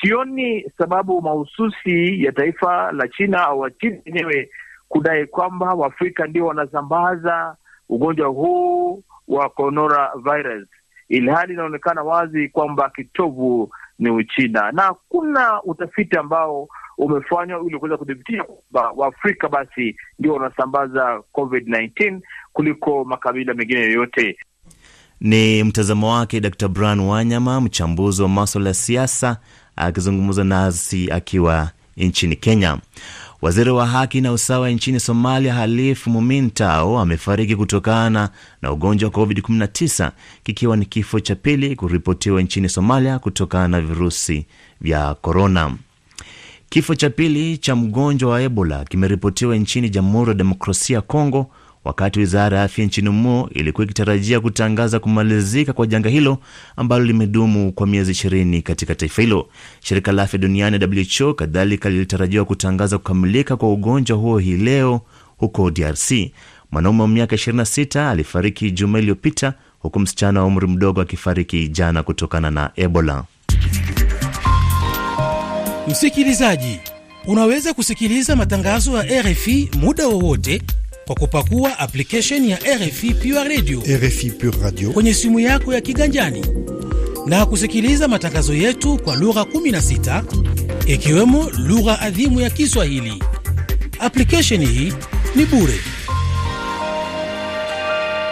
Sioni sababu mahususi ya taifa la China au Wachina wenyewe kudai kwamba Waafrika ndio wanasambaza ugonjwa huu wa coronavirus ilhali inaonekana wazi kwamba kitovu ni Uchina, na kuna utafiti ambao umefanywa ili kuweza kudhibitisha kwamba Waafrika basi ndio wanasambaza COVID-19 kuliko makabila mengine yoyote. Ni mtazamo wake Dr. Brian Wanyama, mchambuzi wa maswala ya siasa, akizungumza nasi akiwa nchini Kenya. Waziri wa haki na usawa nchini Somalia, Halif Mumin Tao, amefariki kutokana na ugonjwa wa COVID-19, kikiwa ni kifo cha pili kuripotiwa nchini Somalia kutokana na virusi vya korona. Kifo cha pili cha mgonjwa wa Ebola kimeripotiwa nchini Jamhuri ya Demokrasia ya Kongo wakati wizara ya afya nchini humo ilikuwa ikitarajia kutangaza kumalizika kwa janga hilo ambalo limedumu kwa miezi ishirini katika taifa hilo. Shirika la afya duniani WHO kadhalika lilitarajiwa kutangaza kukamilika kwa ugonjwa huo hii leo huko DRC. Mwanaume wa miaka 26 alifariki juma iliyopita huku msichana wa umri mdogo akifariki jana kutokana na Ebola. Msikilizaji, unaweza kusikiliza matangazo ya RFI muda wowote kwa kupakua application ya RFI Pure Radio, RFI Pure Radio kwenye simu yako ya kiganjani na kusikiliza matangazo yetu kwa lugha 16 ikiwemo lugha adhimu ya Kiswahili. Application hii ni bure.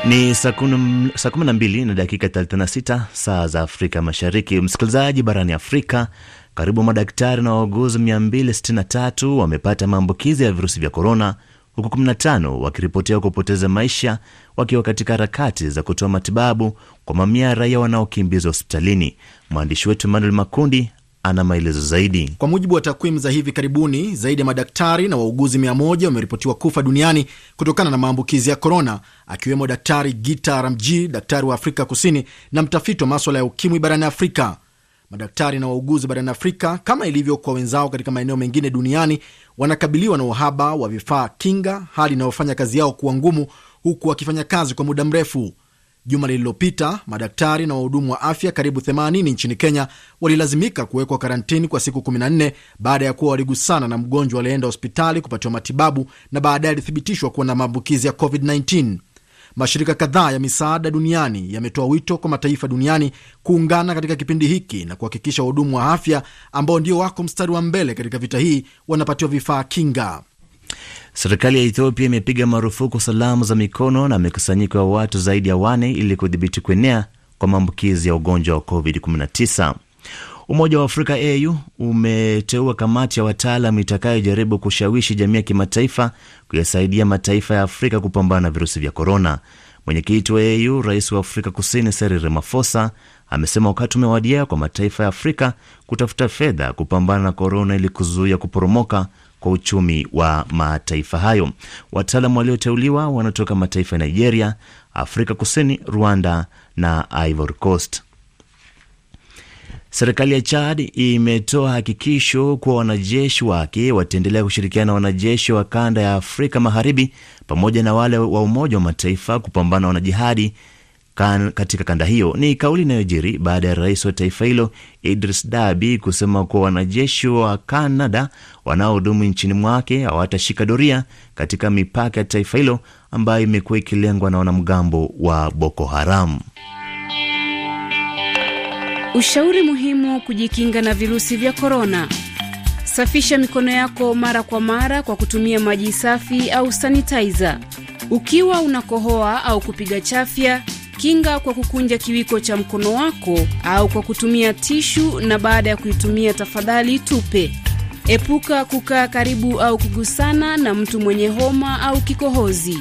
Ni saa 12 na dakika 36 saa za Afrika Mashariki. Msikilizaji barani Afrika, karibu madaktari na wauguzi 263 wamepata maambukizi ya virusi vya korona huku 15 wakiripotiwa kupoteza maisha wakiwa katika harakati za kutoa matibabu kwa mamia ya raia wanaokimbizwa hospitalini. Mwandishi wetu Emmanuel Makundi ana maelezo zaidi. Kwa mujibu wa takwimu za hivi karibuni, zaidi ya madaktari na wauguzi 100 wameripotiwa kufa duniani kutokana na maambukizi ya korona, akiwemo Daktari Gita Ramji, daktari wa Afrika Kusini na mtafiti wa maswala ya ukimwi barani Afrika. Madaktari na wauguzi barani Afrika, kama ilivyo kwa wenzao katika maeneo mengine duniani, wanakabiliwa na uhaba wa vifaa kinga, hali inayofanya kazi yao kuwa ngumu, huku wakifanya kazi kwa muda mrefu. Juma lililopita madaktari na wahudumu wa afya karibu 80 nchini Kenya walilazimika kuwekwa karantini kwa siku 14 baada ya kuwa waligusana na mgonjwa aliyeenda hospitali kupatiwa matibabu na baadaye alithibitishwa kuwa na maambukizi ya COVID-19. Mashirika kadhaa ya misaada duniani yametoa wito kwa mataifa duniani kuungana katika kipindi hiki na kuhakikisha wahudumu wa afya ambao ndio wako mstari wa mbele katika vita hii wanapatiwa vifaa kinga. Serikali ya Ethiopia imepiga marufuku salamu za mikono na mikusanyiko ya watu zaidi ya wane ili kudhibiti kuenea kwa maambukizi ya ugonjwa wa COVID-19. Umoja wa Afrika AU umeteua kamati ya wataalam itakayojaribu kushawishi jamii ya kimataifa kuyasaidia mataifa ya Afrika kupambana na virusi vya korona. Mwenyekiti wa AU, rais wa Afrika Kusini Cyril Ramaphosa, amesema wakati umewadia kwa mataifa ya Afrika kutafuta fedha kupambana na korona ili kuzuia kuporomoka kwa uchumi wa mataifa hayo. Wataalam walioteuliwa wanatoka mataifa ya Nigeria, Afrika Kusini, Rwanda na Ivory Coast. Serikali ya Chad imetoa hakikisho kuwa wanajeshi wake wataendelea kushirikiana na wanajeshi wa kanda ya Afrika Magharibi pamoja na wale wa Umoja wa Mataifa kupambana na wanajihadi kan katika kanda hiyo. Ni kauli inayojiri baada ya rais wa taifa hilo Idris Dabi kusema kuwa wanajeshi wa Kanada wanaohudumu nchini mwake hawatashika doria katika mipaka ya taifa hilo ambayo imekuwa ikilengwa na wanamgambo wa Boko Haram. Ushauri muhimu kujikinga na virusi vya korona: safisha mikono yako mara kwa mara kwa kutumia maji safi au sanitizer. Ukiwa unakohoa au kupiga chafya, kinga kwa kukunja kiwiko cha mkono wako au kwa kutumia tishu, na baada ya kuitumia tafadhali tupe. Epuka kukaa karibu au kugusana na mtu mwenye homa au kikohozi.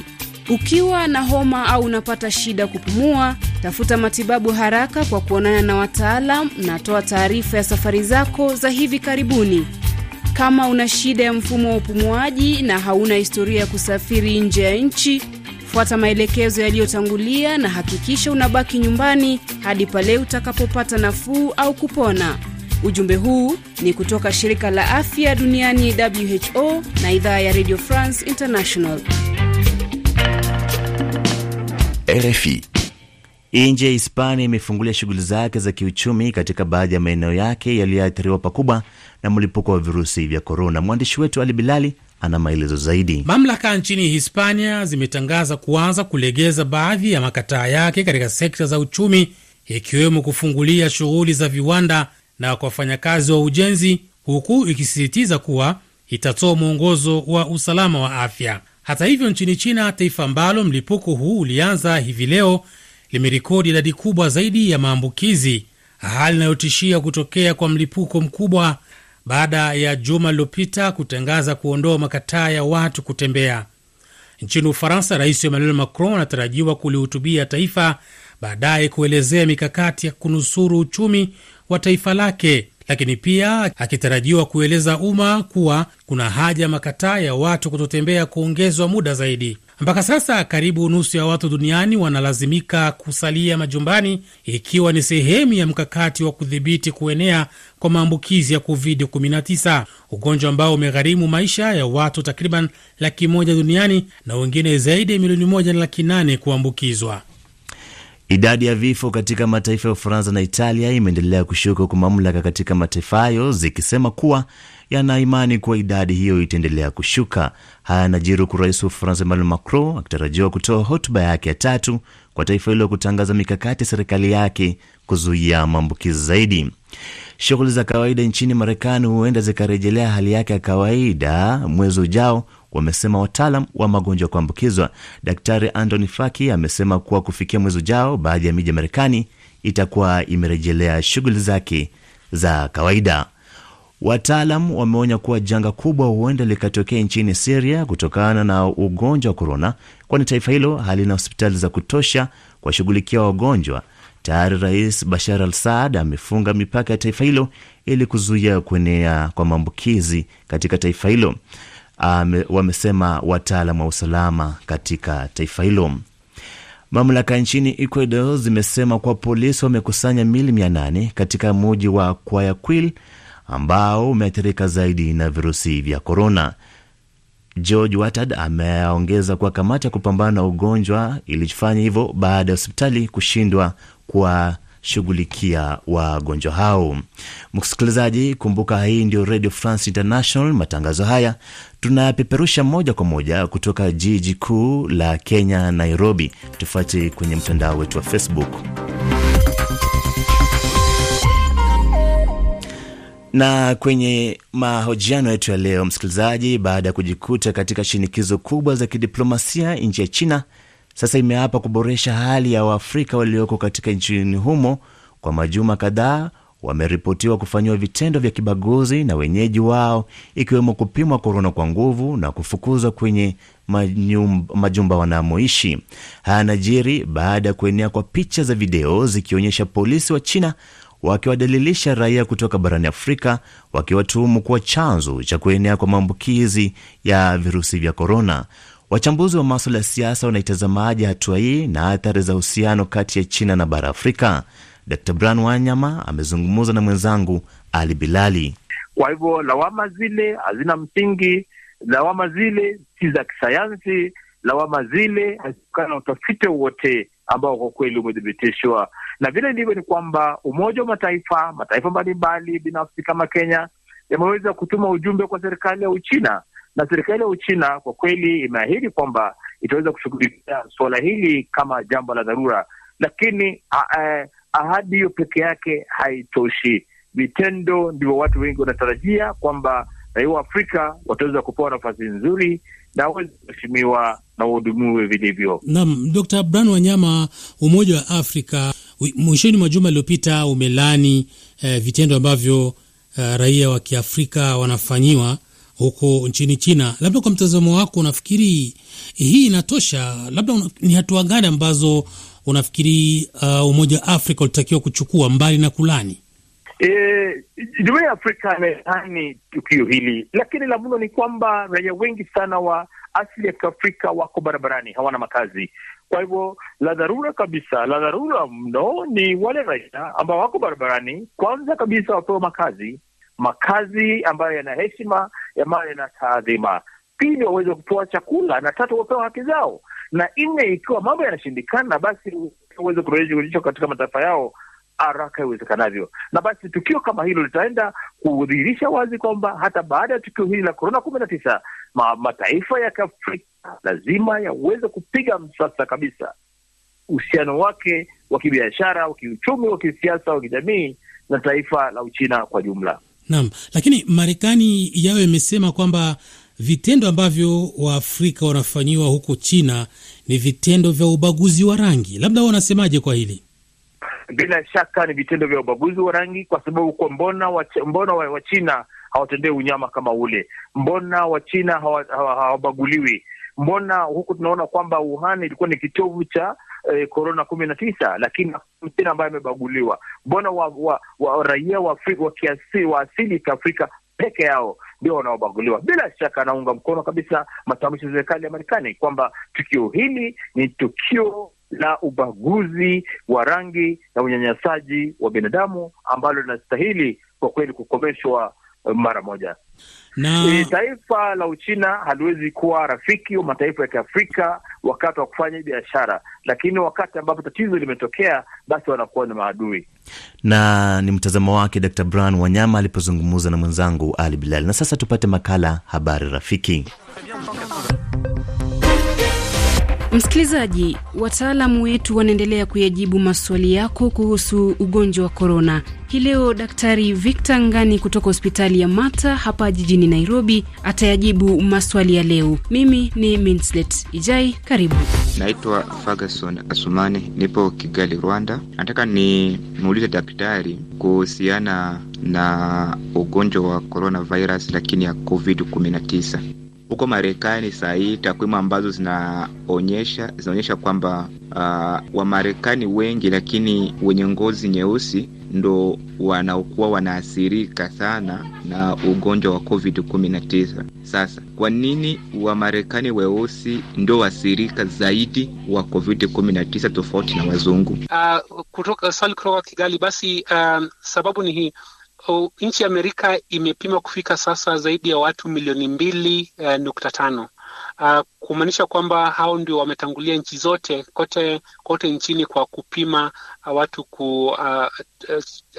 Ukiwa na homa au unapata shida kupumua Tafuta matibabu haraka kwa kuonana na wataalam na toa taarifa ya safari zako za hivi karibuni. Kama una shida ya mfumo wa upumuaji na hauna historia ya kusafiri nje ya nchi, fuata maelekezo yaliyotangulia na hakikisha unabaki nyumbani hadi pale utakapopata nafuu au kupona. Ujumbe huu ni kutoka shirika la afya duniani WHO na idhaa ya Radio France International. RFI Nje ya Hispania imefungulia shughuli zake za kiuchumi katika baadhi ya maeneo yake yaliyoathiriwa pakubwa na mlipuko wa virusi vya korona. Mwandishi wetu Ali Bilali ana maelezo zaidi. Mamlaka nchini Hispania zimetangaza kuanza kulegeza baadhi ya makataa yake katika sekta za uchumi, ikiwemo kufungulia shughuli za viwanda na kwa wafanyakazi wa ujenzi, huku ikisisitiza kuwa itatoa mwongozo wa usalama wa afya. Hata hivyo, nchini China, taifa ambalo mlipuko huu ulianza hivi leo limerekodi idadi kubwa zaidi ya maambukizi, hali inayotishia kutokea kwa mlipuko mkubwa baada ya juma lililopita kutangaza kuondoa makataa ya watu kutembea nchini Ufaransa. Rais Emmanuel Macron anatarajiwa kulihutubia taifa baadaye kuelezea mikakati ya kunusuru uchumi wa taifa lake lakini pia akitarajiwa kueleza umma kuwa kuna haja ya makataa ya watu kutotembea kuongezwa muda zaidi. Mpaka sasa karibu nusu ya watu duniani wanalazimika kusalia majumbani ikiwa ni sehemu ya mkakati wa kudhibiti kuenea kwa maambukizi ya COVID-19, ugonjwa ambao umegharimu maisha ya watu takriban laki moja duniani na wengine zaidi ya milioni moja na laki nane kuambukizwa. Idadi ya vifo katika mataifa ya Ufaransa na Italia imeendelea kushuka huku mamlaka katika mataifa hayo zikisema kuwa yana imani kuwa idadi hiyo itaendelea kushuka. Haya yanajiri huku rais wa Ufaransa Emmanuel Macron akitarajiwa kutoa hotuba yake ya tatu kwa taifa hilo kutangaza mikakati ya serikali yake kuzuia maambukizi zaidi. Shughuli za kawaida nchini Marekani huenda zikarejelea hali yake ya kawaida mwezi ujao wamesema wataalam wa magonjwa ya kuambukizwa. Daktari Anthony Fauci amesema kuwa kufikia mwezi ujao, baadhi ya miji ya Marekani itakuwa imerejelea shughuli zake za kawaida. Wataalam wameonya kuwa janga kubwa huenda likatokea nchini Siria kutokana na ugonjwa wa korona, kwani taifa hilo halina hospitali za kutosha kuwashughulikia wagonjwa. Tayari Rais Bashar al Saad amefunga mipaka ya taifa hilo ili kuzuia kuenea kwa maambukizi katika taifa hilo wamesema wataalam wa usalama katika taifa hilo. Mamlaka nchini Ecuador zimesema kuwa polisi wamekusanya mili mia nane katika muji wa Guayaquil ambao umeathirika zaidi na virusi vya korona. George Watad ameongeza kuwa kamati ya kupambana na ugonjwa ilifanya hivyo baada ya hospitali kushindwa kwa kuwashughulikia wagonjwa hao. Msikilizaji, kumbuka hii ndio Radio France International. Matangazo haya tunayapeperusha moja kwa moja kutoka jiji kuu la Kenya, Nairobi. Tufuate kwenye mtandao wetu wa Facebook. na kwenye mahojiano yetu ya leo msikilizaji, baada ya kujikuta katika shinikizo kubwa za kidiplomasia, nchi ya China sasa imeapa kuboresha hali ya Waafrika walioko katika nchini humo. Kwa majuma kadhaa wameripotiwa kufanyiwa vitendo vya kibaguzi na wenyeji wao, ikiwemo kupimwa korona kwa nguvu na kufukuzwa kwenye majumba, majumba wanamoishi. Haya najiri baada ya kuenea kwa picha za video zikionyesha polisi wa China wakiwadalilisha raia kutoka barani Afrika wakiwatuhumu kuwa chanzo cha kuenea kwa maambukizi ya virusi vya korona. Wachambuzi wa maswala ya siasa wanaitazamaje hatua hii na athari za uhusiano kati ya China na bara Afrika? Dr Brian Wanyama amezungumza na mwenzangu Ali Bilali. Kwa hivyo lawama zile hazina msingi, lawama zile si za kisayansi, lawama zile hazitokana na utafiti wowote ambao kwa kweli umethibitishwa. Na vile ndivyo ni kwamba Umoja wa Mataifa, mataifa mbalimbali binafsi kama Kenya yameweza kutuma ujumbe kwa serikali ya Uchina na serikali ya Uchina kwa kweli imeahidi kwamba itaweza kushughulikia suala hili kama jambo la dharura, lakini ahadi hiyo peke yake haitoshi. Vitendo ndivyo watu wengi wanatarajia kwamba raia wa Afrika wataweza kupewa nafasi nzuri na waweze kuheshimiwa na wahudumiwe vilivyo. Naam, Dr. Brian Wanyama, Umoja wa Afrika mwishoni mwa juma iliyopita umelani eh, vitendo ambavyo eh, raia wa Kiafrika wanafanyiwa huko nchini China. Labda kwa mtazamo wako, unafikiri eh, hii inatosha? Labda una, ni hatua gani ambazo unafikiri uh, Umoja wa Afrika ulitakiwa kuchukua mbali na kulani? Eh, e, ya Afrika amelaani tukio hili, lakini la mno ni kwamba raia wengi sana wa asili ya kiafrika wako barabarani, hawana makazi. Kwa hivyo la dharura kabisa, la dharura mno ni wale raia ambao wako barabarani, kwanza kabisa wapewa makazi makazi ambayo yana heshima, ambayo yana taadhima; pili, waweze kupewa chakula; na tatu, wapewa haki zao; na nne, ikiwa mambo yanashindikana, basi waweze kurejeshwa katika mataifa yao haraka iwezekanavyo. Na basi tukio kama hilo litaenda kudhihirisha wazi kwamba hata baada ya tukio hili la korona kumi na tisa ma, mataifa ya Kiafrika lazima yaweze kupiga msasa kabisa uhusiano wake wa kibiashara, wa kiuchumi, wa kisiasa, wa kijamii na taifa la Uchina kwa jumla. Naam, lakini Marekani yao imesema kwamba vitendo ambavyo Waafrika wanafanyiwa huko China ni vitendo vya ubaguzi wa rangi. Labda wanasemaje kwa hili? Bila shaka ni vitendo vya ubaguzi wa rangi, kwa sababu kwa mbona wa, mbona wa, wa China hawatendei unyama kama ule? Mbona wa China hawabaguliwi? Mbona huku tunaona kwamba Wuhan ilikuwa ni kitovu cha korona eh, kumi na tisa, lakini tena ambaye amebaguliwa. Mbona wa, wa, wa raia wa Afrika, wa wa asili kiafrika peke yao ndio wanaobaguliwa. Bila shaka anaunga mkono kabisa matamshi ya serikali ya Marekani kwamba tukio hili ni tukio la ubaguzi wa rangi na unyanyasaji wa binadamu ambalo linastahili kwa kweli kukomeshwa eh, mara moja na... E, taifa la Uchina haliwezi kuwa rafiki wa mataifa ya Kiafrika wakati wa kufanya biashara, lakini wakati ambapo tatizo limetokea, basi wanakuwa ni maadui. Na ni mtazamo wake Dr. Brian Wanyama alipozungumza na mwenzangu Ali Bilal. Na sasa tupate makala Habari Rafiki. Msikilizaji, wataalamu wetu wanaendelea kuyajibu maswali yako kuhusu ugonjwa wa korona. Hii leo Daktari Victor Ngani kutoka hospitali ya Mata hapa jijini Nairobi atayajibu maswali ya leo. Mimi ni Minslet Ijai, karibu. Naitwa Ferguson Asumani, nipo Kigali, Rwanda. Nataka nimuulize daktari kuhusiana na ugonjwa wa coronavirus, lakini ya COVID 19 huko Marekani saa hii takwimu ambazo zinaonyesha zinaonyesha kwamba uh, Wamarekani wengi lakini wenye ngozi nyeusi ndo wanaokuwa wanaathirika sana na ugonjwa wa Covid 19. Sasa kwa nini Wamarekani weusi ndo waathirika zaidi wa Covid 19 tofauti na wazungu? Uh, kutoka swali kutoka Kigali basi, uh, sababu ni hii oh, nchi ya Amerika imepima kufika sasa zaidi ya watu milioni mbili uh, nukta tano uh, kumaanisha kwamba hao ndio wametangulia nchi zote kote kote nchini kwa kupima uh, watu kuangalia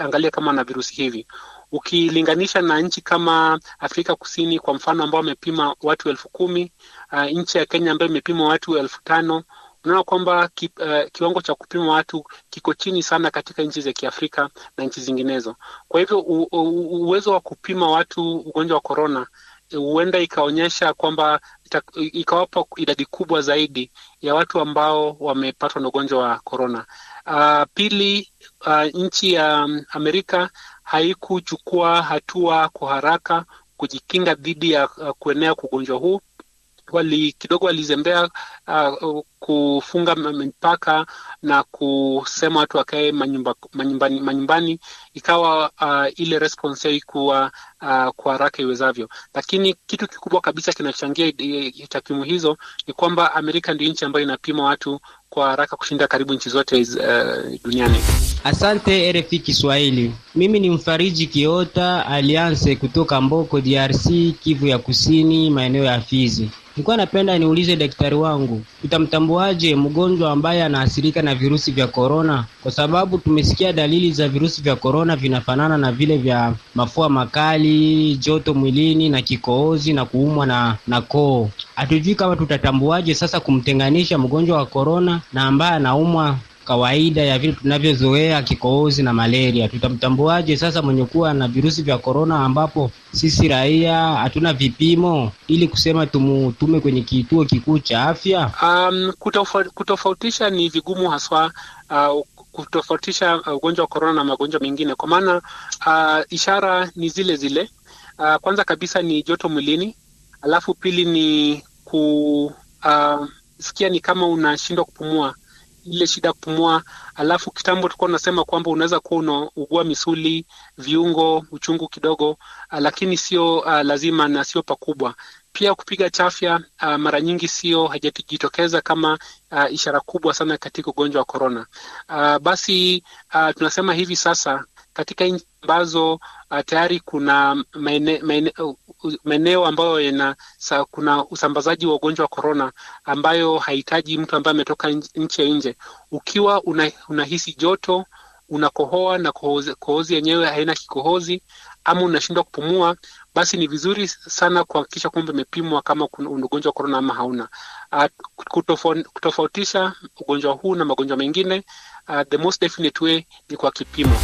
ah, eh, uh, uh, kama na virusi hivi ukilinganisha na nchi kama Afrika Kusini kwa mfano ambao wamepima watu elfu kumi uh, nchi ya Kenya ambayo imepima watu elfu tano tunaona kwamba ki, uh, eh, kiwango cha kupima watu kiko chini sana katika nchi za Kiafrika na nchi zinginezo. Kwa hivyo uwezo wa kupima watu ugonjwa wa korona eh, huenda ikaonyesha kwamba ikawapa idadi kubwa zaidi ya watu ambao wamepatwa na ugonjwa wa korona. Uh, ah, pili, uh, nchi ya mm, Amerika haikuchukua hatua kwa haraka kujikinga dhidi ya uh, kuenea kwa ugonjwa huu wali, kidogo walizembea uh, kufunga mipaka na kusema watu wakae manyumba, manyumbani, manyumbani. Ikawa uh, ile response yao uh, ah, kwa haraka iwezavyo, lakini kitu kikubwa kabisa kinachangia eh, eh, takwimu hizo ni kwamba Amerika ndio nchi ambayo inapima watu kwa haraka kushinda karibu nchi zote uh, duniani. Asante rf Kiswahili. Mimi ni Mfariji Kiota alianse kutoka Mboko, DRC, Kivu ya Kusini, maeneo ya Fizi. Nilikuwa napenda niulize daktari wangu, tutamtambuaje mgonjwa ambaye anaathirika na virusi vya korona? Kwa sababu tumesikia dalili za virusi vya korona vinafanana na vile vya mafua makali, joto mwilini na kikohozi na kuumwa na, na koo. Hatujui kama tutatambuaje sasa kumtenganisha mgonjwa wa korona na ambaye anaumwa kawaida ya vile tunavyozoea kikohozi na malaria. Tutamtambuaje sasa mwenye kuwa na virusi vya korona, ambapo sisi raia hatuna vipimo ili kusema tumutume kwenye kituo kikuu cha afya? Um, kutofautisha ni vigumu haswa uh, kutofautisha uh, ugonjwa wa korona na magonjwa mengine kwa maana uh, ishara ni zile zile. Uh, kwanza kabisa ni joto mwilini, alafu pili ni kusikia uh, ni kama unashindwa kupumua ile shida kupumua. Alafu kitambo tulikuwa tunasema kwamba unaweza kuwa unaugua misuli, viungo, uchungu kidogo, ah, lakini sio uh, lazima na sio pakubwa. Pia kupiga chafya uh, mara nyingi sio hajajitokeza kama uh, ishara kubwa sana katika ugonjwa wa korona. Uh, basi uh, tunasema hivi sasa katika nchi ambazo ah, tayari kuna maeneo ambayo yana sa, kuna usambazaji wa ugonjwa wa korona ambayo hahitaji mtu ambaye ametoka nchi ya nje. Ukiwa una, unahisi joto, unakohoa na kohozi, yenyewe haina kikohozi ama unashindwa kupumua, basi ni vizuri sana kuhakikisha kwamba umepimwa kama una ugonjwa wa korona ama hauna. Uh, kutofautisha ugonjwa huu na magonjwa mengine, uh, the most definite way ni kwa kipimo.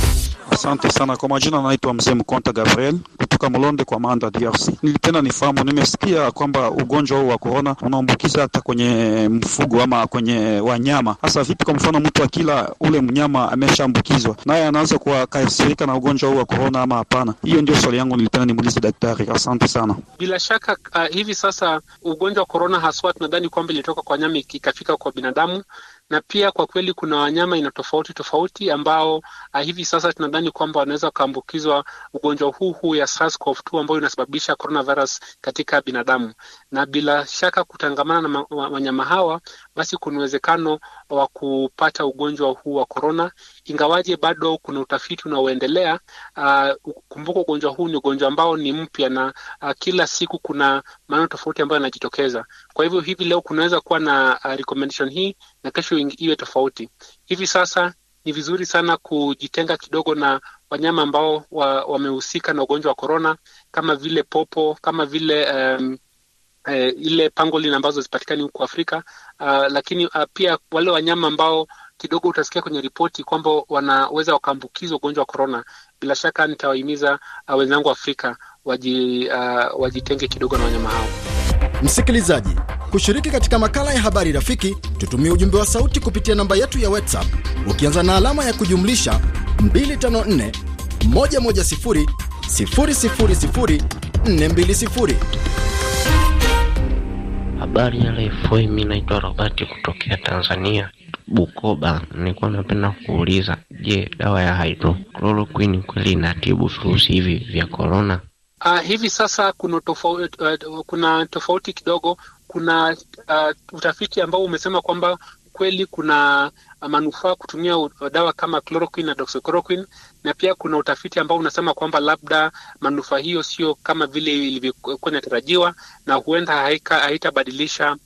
Asante sana kwa majina, naitwa mzee Mkonta Gabriel kutoka Mlonde kwa Manda, DRC. Nilipenda nifahamu, nimesikia kwamba ugonjwa huu wa korona unaambukiza hata kwenye mfugo ama kwenye wanyama. Hasa vipi? Kwa mfano mtu akila ule mnyama ameshaambukizwa, naye anaweza kuwakasirika na ugonjwa huu wa korona ama hapana? Hiyo ndio swali yangu, nilipenda nimuulize daktari. Asante sana. Bila shaka uh, hivi sasa ugonjwa wa korona haswa tunadhani kwamba ilitoka kwa nyama ikafika kwa binadamu, na pia kwa kweli kuna wanyama ina tofauti tofauti ambao uh, hivi sasa tuna nadhani kwamba wanaweza wakaambukizwa ugonjwa huu huu ya SARS-CoV-2 ambayo inasababisha coronavirus katika binadamu, na bila shaka kutangamana na wanyama hawa, basi kuna uwezekano wa kupata ugonjwa huu wa korona ingawaje bado kuna utafiti unaoendelea. Uh, kumbuka ugonjwa huu ni ugonjwa ambao ni mpya na uh, kila siku kuna maneno tofauti ambayo yanajitokeza. Kwa hivyo hivi leo kunaweza kuwa na uh, recommendation hii na kesho iwe tofauti. Hivi sasa ni vizuri sana kujitenga kidogo na wanyama ambao wamehusika wa na ugonjwa wa korona, kama vile popo, kama vile um, e, ile pangolin ambazo zipatikani huku Afrika. Uh, lakini uh, pia wale wanyama ambao kidogo utasikia kwenye ripoti kwamba wanaweza wakaambukizwa ugonjwa wa korona, bila shaka nitawahimiza uh, wenzangu Afrika waji, uh, wajitenge kidogo na wanyama hao. Msikilizaji, kushiriki katika makala ya habari rafiki, tutumie ujumbe wa sauti kupitia namba yetu ya WhatsApp ukianza na alama ya kujumlisha 254 110 000 420. Habari ya lefoi, mi naitwa kutokea Tanzania Bukoba. Nilikuwa napenda kuuliza, je, dawa ya hydrochloroquine kweli inatibu virusi hivi vya korona? Uh, hivi sasa kuna tofauti, uh, kuna tofauti kidogo. Kuna uh, utafiti ambao umesema kwamba kweli kuna manufaa kutumia dawa kama chloroquine na doxycycline, na pia kuna utafiti ambao unasema kwamba labda manufaa hiyo sio kama vile ilivyokuwa inatarajiwa, na huenda haitabadilisha uh,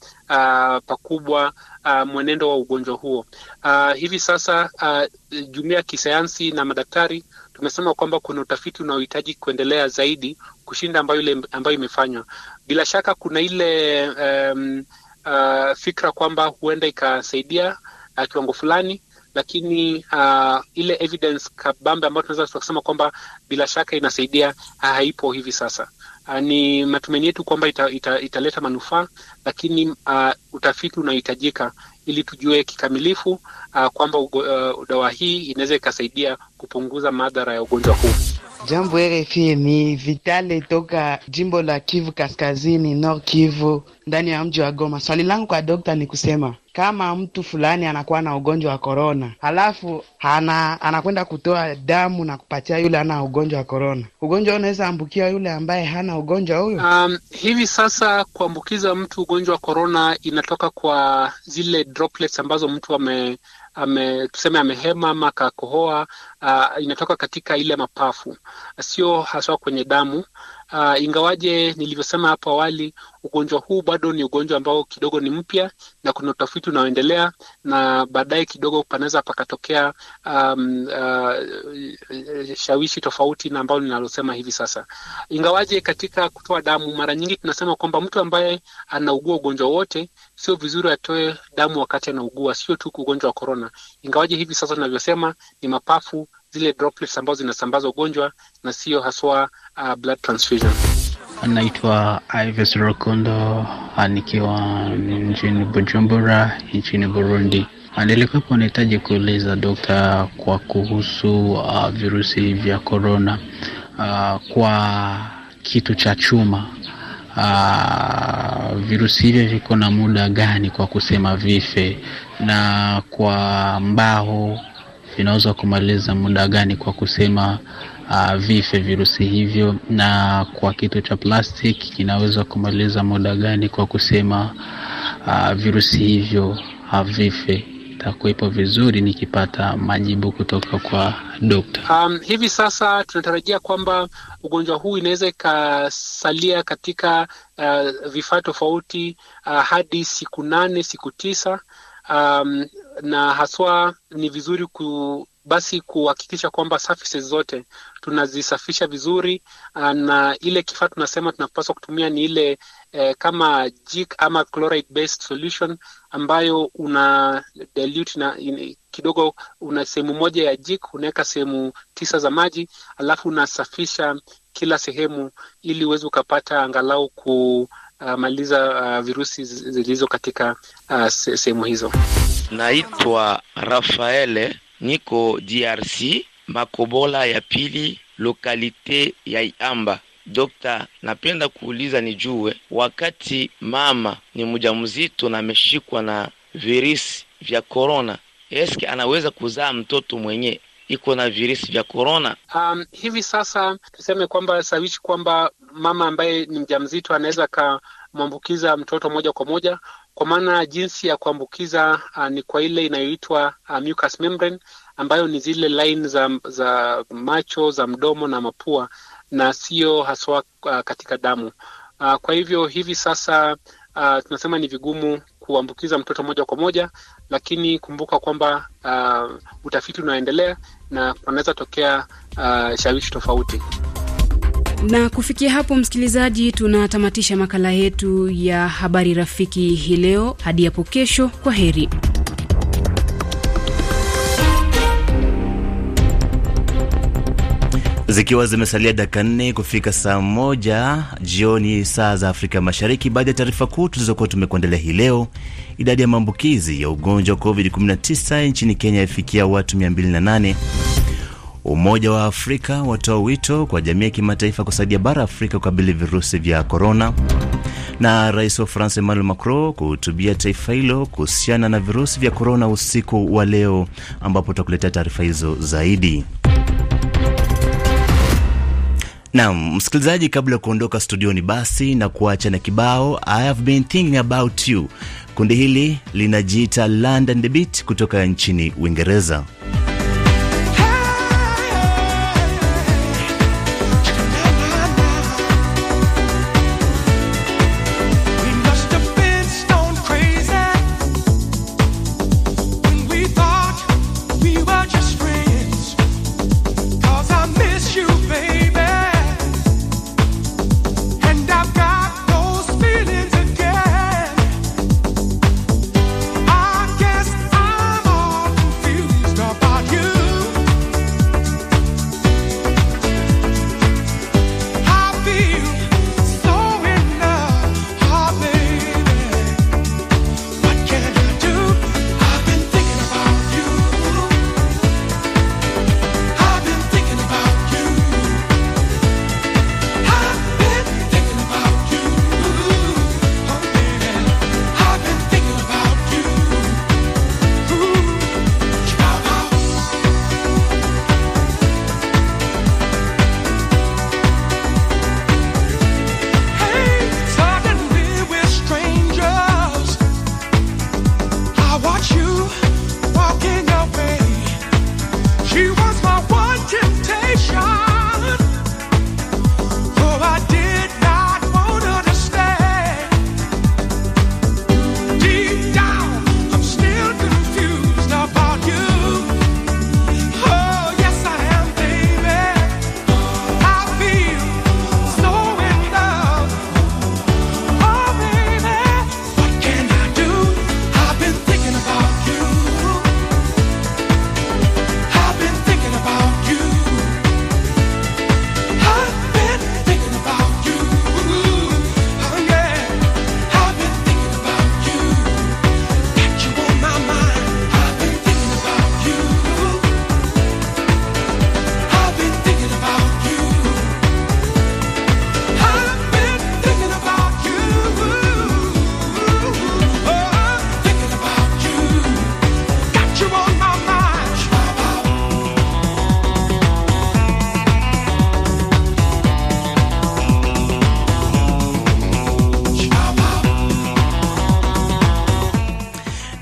pakubwa uh, mwenendo wa ugonjwa huo. Uh, hivi sasa uh, jumuia ya kisayansi na madaktari tumesema kwamba kuna utafiti unaohitaji kuendelea zaidi kushinda ambayo ile ambayo imefanywa. Bila shaka kuna ile um, uh, fikra kwamba huenda ikasaidia uh, kiwango fulani lakini uh, ile evidence kabambe ambayo tunaweza tukasema kwamba bila shaka inasaidia haipo hivi sasa. Uh, ni matumaini yetu kwamba ita, ita, italeta manufaa, lakini uh, utafiti unahitajika ili tujue kikamilifu uh, kwamba uh, dawa hii inaweza ikasaidia kupunguza madhara ya ugonjwa huu. Jambo RFI ni Vitale toka jimbo la Kivu Kaskazini, Nord Kivu, ndani ya mji wa Goma. Swali langu kwa dokta ni kusema kama mtu fulani anakuwa na ugonjwa wa korona, halafu ana, anakwenda kutoa damu na kupatia yule ana ugonjwa wa korona, ugonjwa unaweza ambukia yule ambaye hana ugonjwa huyo? Um, hivi sasa kuambukiza mtu ugonjwa wa korona inatoka kwa zile droplets ambazo mtu ame ame, tuseme amehema ama akakohoa, uh, inatoka katika ile mapafu, sio haswa kwenye damu Uh, ingawaje nilivyosema hapo awali, ugonjwa huu bado ni ugonjwa ambao kidogo ni mpya na kuna utafiti unaoendelea, na baadaye kidogo panaweza pakatokea um, uh, shawishi tofauti na ambalo ninalosema hivi sasa. Ingawaje katika kutoa damu, mara nyingi tunasema kwamba mtu ambaye anaugua ugonjwa wote, sio vizuri atoe damu wakati anaugua, sio tu ugonjwa wa korona. Ingawaje hivi sasa tunavyosema ni mapafu zile droplets ambazo zinasambaza ugonjwa na sio haswa uh, blood transfusion. Anaitwa Ives Rukundo uh, nikiwa nchini Bujumbura nchini Burundi. Uh, Nilikuwa nahitaji kuuliza dokta kwa kuhusu uh, virusi vya korona uh, kwa kitu cha chuma uh, virusi hivyo viko na muda gani kwa kusema vife, na kwa mbao vinaweza kumaliza muda gani kwa kusema uh, vife virusi hivyo, na kwa kitu cha plastic kinaweza kumaliza muda gani kwa kusema uh, virusi hivyo havife. Ah, Itakuwepo vizuri nikipata majibu kutoka kwa dokta. Um, hivi sasa tunatarajia kwamba ugonjwa huu inaweza ikasalia katika uh, vifaa tofauti uh, hadi siku nane siku tisa um, na haswa ni vizuri ku basi kuhakikisha kwamba surfaces zote tunazisafisha vizuri, ah, na ile kifaa tunasema tunapaswa kutumia ni ile eh, kama jik ama chloride based solution ambayo una dilute na in, kidogo una sehemu moja ya jik unaweka sehemu tisa za maji, alafu unasafisha kila sehemu ili uweze ukapata angalau ku uh, maliza uh, virusi zilizo katika uh, sehemu hizo. Naitwa Rafaele, niko DRC, Makobola ya pili, lokalite ya Iamba. Dokta, napenda kuuliza nijue, wakati mama ni mjamzito na ameshikwa na virusi vya korona, eske anaweza kuzaa mtoto mwenye iko na virusi vya korona? Um, hivi sasa tuseme kwamba sawishi kwamba mama ambaye ni mjamzito anaweza akamwambukiza mtoto moja kwa moja, kwa maana jinsi ya kuambukiza uh, ni kwa ile inayoitwa uh, membrane ambayo ni zile line za, za macho za mdomo na mapua na sio haswa uh, katika damu uh, kwa hivyo hivi sasa uh, tunasema ni vigumu kuambukiza mtoto moja kwa moja, lakini kumbuka kwamba uh, utafiti unaendelea na kunaweza tokea uh, shawishi tofauti. Na kufikia hapo, msikilizaji, tunatamatisha makala yetu ya habari rafiki hii leo. Hadi hapo kesho, kwa heri. Zikiwa zimesalia dakika nne kufika saa moja jioni saa za Afrika Mashariki, baadhi ya taarifa kuu tulizokuwa tumekuendelea hii leo, idadi ya maambukizi ya ugonjwa wa COVID-19 nchini Kenya yafikia watu 208 Umoja wa Afrika watoa wito kwa jamii ya kimataifa kusaidia bara Afrika kukabili virusi vya korona, na rais wa Ufaransa Emmanuel Macron kuhutubia taifa hilo kuhusiana na virusi vya korona usiku wa leo, ambapo tutakuletea taarifa hizo zaidi. nam msikilizaji, kabla ya kuondoka studioni, basi na kuacha na kibao I have been thinking about you. Kundi hili linajiita London The Beat kutoka nchini Uingereza.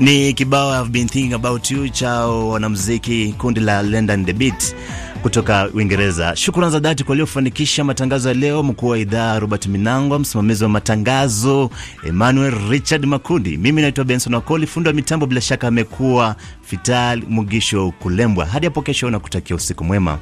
Ni kibao I've been thinking about you cha wanamuziki kundi la London The Beat kutoka Uingereza. Shukrani za dhati kwa waliofanikisha matangazo ya leo, mkuu wa idhaa Robert Minangwa, msimamizi wa matangazo Emmanuel Richard Makundi. Mimi naitwa Benson Wakoli, fundi wa mitambo bila shaka amekuwa Vital Mugisho Kulembwa. Hadi hapo kesho, nakutakia usiku mwema.